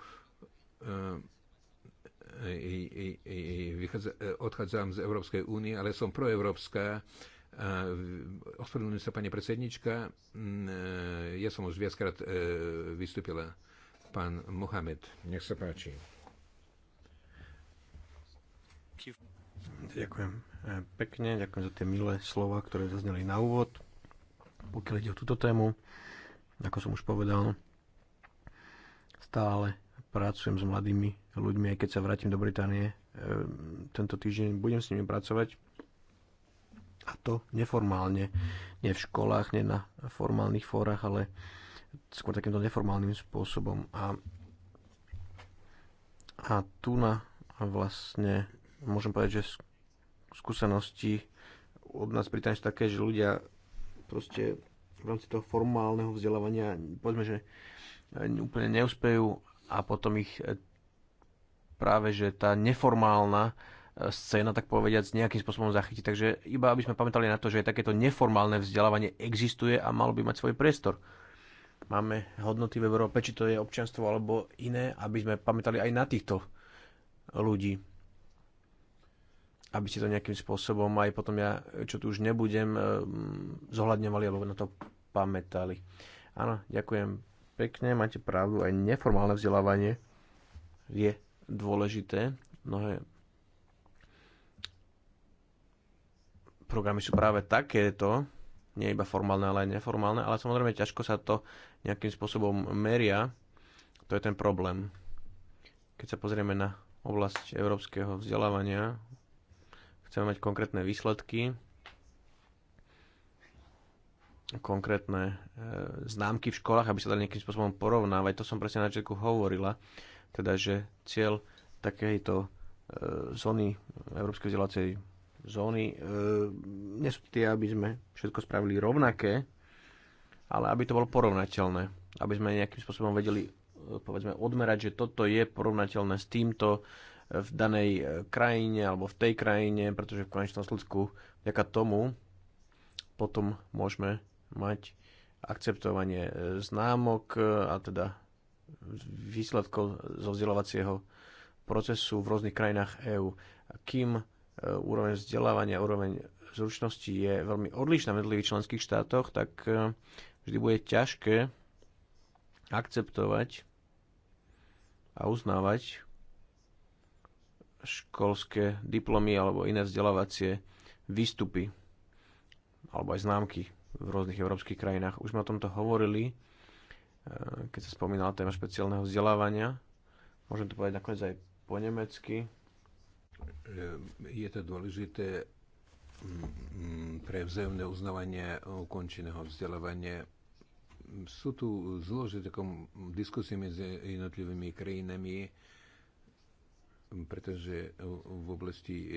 Odchádzam z Európskej únie, ale som proeurópska. európska Ospravedlňujem sa, pani predsednička. Mm, e, ja som už viackrát e, vystúpila. Pán Mohamed, nech sa páči. Ďakujem e, pekne, ďakujem za tie milé slova, ktoré zazneli na úvod. Pokiaľ ide o túto tému, ako som už povedal, stále pracujem s mladými ľuďmi, aj keď sa vrátim do Británie tento týždeň, budem s nimi pracovať a to neformálne, nie v školách, nie na formálnych fórach, ale skôr takýmto neformálnym spôsobom. A, a tu na vlastne môžem povedať, že skúsenosti od nás Británi sú také, že ľudia proste v rámci toho formálneho vzdelávania, povedzme, že eh, úplne neúspejú a potom ich eh, práve, že tá neformálna scéna, tak povediať, nejakým spôsobom zachytí. Takže iba aby sme pamätali na to, že takéto neformálne vzdelávanie existuje a malo by mať svoj priestor. Máme hodnoty v Európe, či to je občianstvo alebo iné, aby sme pamätali aj na týchto ľudí. Aby ste to nejakým spôsobom aj potom ja, čo tu už nebudem, eh, zohľadňovali alebo na to pamätali. Áno, ďakujem pekne, máte pravdu, aj neformálne vzdelávanie je dôležité. Mnohé programy sú práve takéto, nie iba formálne, ale aj neformálne, ale samozrejme ťažko sa to nejakým spôsobom meria, to je ten problém. Keď sa pozrieme na oblasť európskeho vzdelávania, chceme mať konkrétne výsledky, konkrétne e, známky v školách, aby sa dali nejakým spôsobom porovnávať. To som presne na začiatku hovorila, teda, že cieľ takejto e, zóny európskej vzdelávacej zóny e, nie sú tie, aby sme všetko spravili rovnaké, ale aby to bolo porovnateľné. Aby sme nejakým spôsobom vedeli e, povedzme, odmerať, že toto je porovnateľné s týmto e, v danej e, krajine alebo v tej krajine, pretože v konečnom sledku vďaka tomu potom môžeme mať akceptovanie známok a teda výsledkov zo vzdelávacieho procesu v rôznych krajinách EÚ. Kým E, úroveň vzdelávania, úroveň zručnosti je veľmi odlišná v jednotlivých členských štátoch, tak e, vždy bude ťažké akceptovať a uznávať školské diplomy alebo iné vzdelávacie výstupy alebo aj známky v rôznych európskych krajinách. Už sme o tomto hovorili, e, keď sa spomínala téma špeciálneho vzdelávania. Môžem to povedať nakoniec aj po nemecky. Ehm, je to dôležité mm, pre vzájomné uznávanie ukončeného vzdelávania. Sú tu zložité diskusie medzi jednotlivými krajinami, pretože v oblasti e,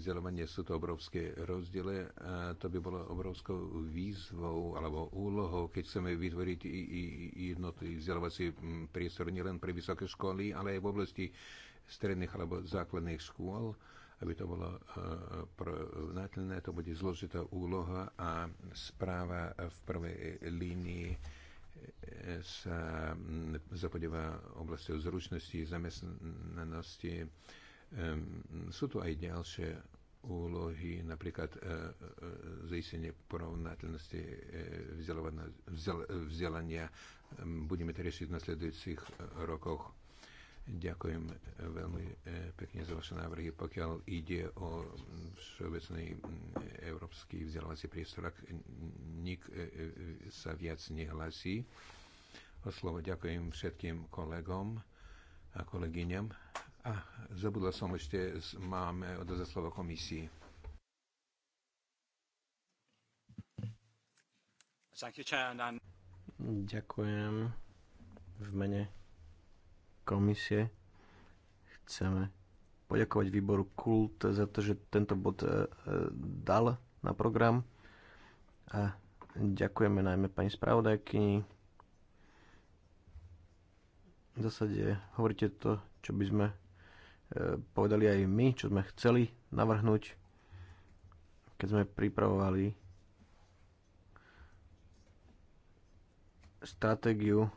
vzdelávania sú to obrovské rozdiely a to by bolo obrovskou výzvou alebo úlohou, keď chceme vytvoriť jednotný vzdelávací priestor nielen pre vysoké školy, ale aj v oblasti stredných alebo základných škôl, aby to bolo e, porovnateľné. To bude zložitá úloha a správa v prvej línii e, sa zapodieva oblasti o zručnosti, zamestnanosti. E, sú tu aj ďalšie úlohy, napríklad zaistenie porovnateľnosti vzdelania. Budeme to riešiť v nasledujúcich rokoch Ďakujem eh, veľmi eh, pekne za vaše návrhy. Pokiaľ ide o všeobecný mm, európsky vzdelávací priestor, ak nik eh, sa viac nehlasí, o slovo ďakujem všetkým kolegom a kolegyňam. A zabudla som ešte, máme odozvať slovo komisii. Ďakujem v mene komisie. Chceme poďakovať výboru Kult za to, že tento bod e, e, dal na program. A ďakujeme najmä pani spravodajky. V zásade hovoríte to, čo by sme e, povedali aj my, čo sme chceli navrhnúť, keď sme pripravovali stratégiu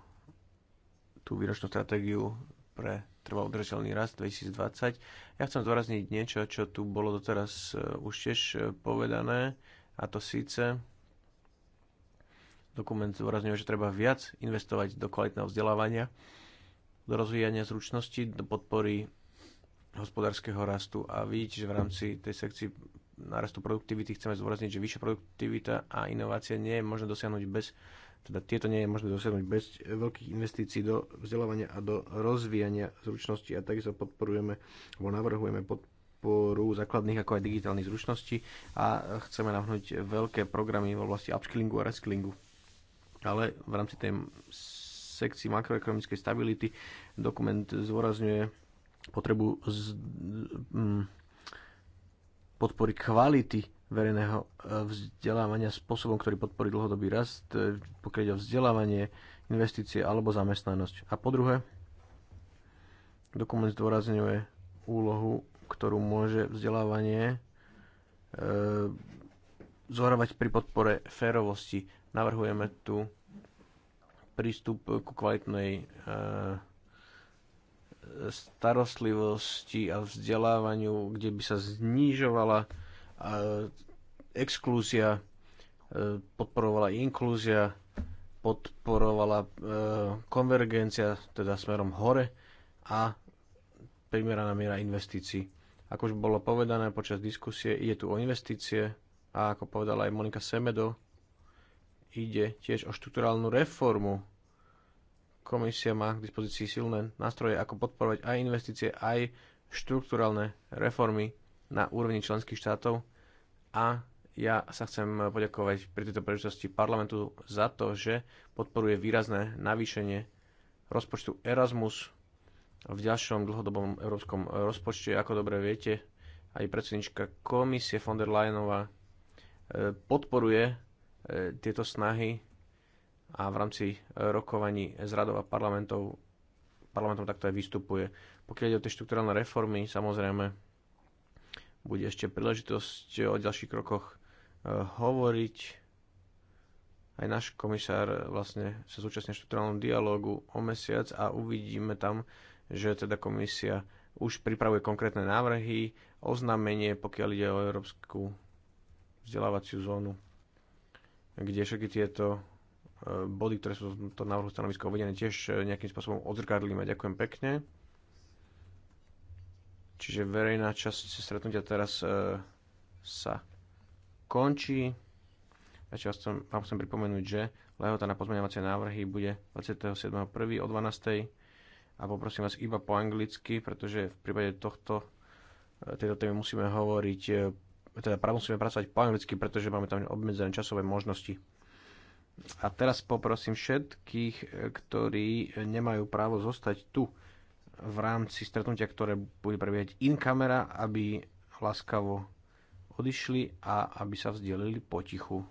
tú výročnú stratégiu pre trvalo udržateľný rast 2020. Ja chcem zdôrazniť niečo, čo tu bolo doteraz e, už tiež e, povedané, a to síce dokument zdôrazňuje, že treba viac investovať do kvalitného vzdelávania, do rozvíjania zručnosti, do podpory hospodárskeho rastu a vidíte, že v rámci tej sekcii nárastu produktivity chceme zdôrazniť, že vyššia produktivita a inovácia nie je možné dosiahnuť bez teda tieto nie je možné dosiahnuť bez veľkých investícií do vzdelávania a do rozvíjania zručností a takisto podporujeme, alebo navrhujeme podporu základných ako aj digitálnych zručností a chceme navrhnúť veľké programy v oblasti upskillingu a reskillingu. Ale v rámci tej sekcii makroekonomickej stability dokument zvorazňuje potrebu z, m, podpory kvality verejného eh, vzdelávania spôsobom, ktorý podporí dlhodobý rast, eh, pokiaľ ide o vzdelávanie, investície alebo zamestnanosť. A po druhé, dokument zdôrazňuje úlohu, ktorú môže vzdelávanie e, zohrávať pri podpore férovosti. Navrhujeme tu prístup ku kvalitnej e, starostlivosti a vzdelávaniu, kde by sa znižovala e, exklúzia, e, podporovala inklúzia, podporovala e, konvergencia, teda smerom hore a primeraná miera investícií. Ako už bolo povedané počas diskusie, ide tu o investície a ako povedala aj Monika Semedo, ide tiež o štruktúrálnu reformu Komisia má k dispozícii silné nástroje, ako podporovať aj investície, aj štruktúralne reformy na úrovni členských štátov a ja sa chcem poďakovať pri tejto príležitosti parlamentu za to, že podporuje výrazné navýšenie rozpočtu Erasmus v ďalšom dlhodobom európskom rozpočte. Ako dobre viete, aj predsednička komisie von der Leyenová eh, podporuje eh, tieto snahy a v rámci e, rokovaní z radov a parlamentov, parlamentom takto aj vystupuje. Pokiaľ ide o tie štruktúralné reformy, samozrejme, bude ešte príležitosť o ďalších krokoch e, hovoriť. Aj náš komisár e, vlastne sa zúčastní štruktúralnom dialógu o mesiac a uvidíme tam, že teda komisia už pripravuje konkrétne návrhy, oznámenie, pokiaľ ide o európsku vzdelávaciu zónu, kde všetky tieto body, ktoré sú v tom návrhu stanoviska uvedené, tiež e, nejakým spôsobom odzrkadlíme. Ďakujem pekne. Čiže verejná časť stretnutia teraz e, sa končí. Ja vás chcem, vám chcem pripomenúť, že lehota na pozmeňovacie návrhy bude 27.1. o 12.00 a poprosím vás iba po anglicky, pretože v prípade tohto, e, tejto témy musíme hovoriť, e, teda musíme pracovať po anglicky, pretože máme tam obmedzené časové možnosti. A teraz poprosím všetkých, e, ktorí nemajú právo zostať tu v rámci stretnutia, ktoré bude prebiehať in kamera, aby láskavo odišli a aby sa vzdielili potichu.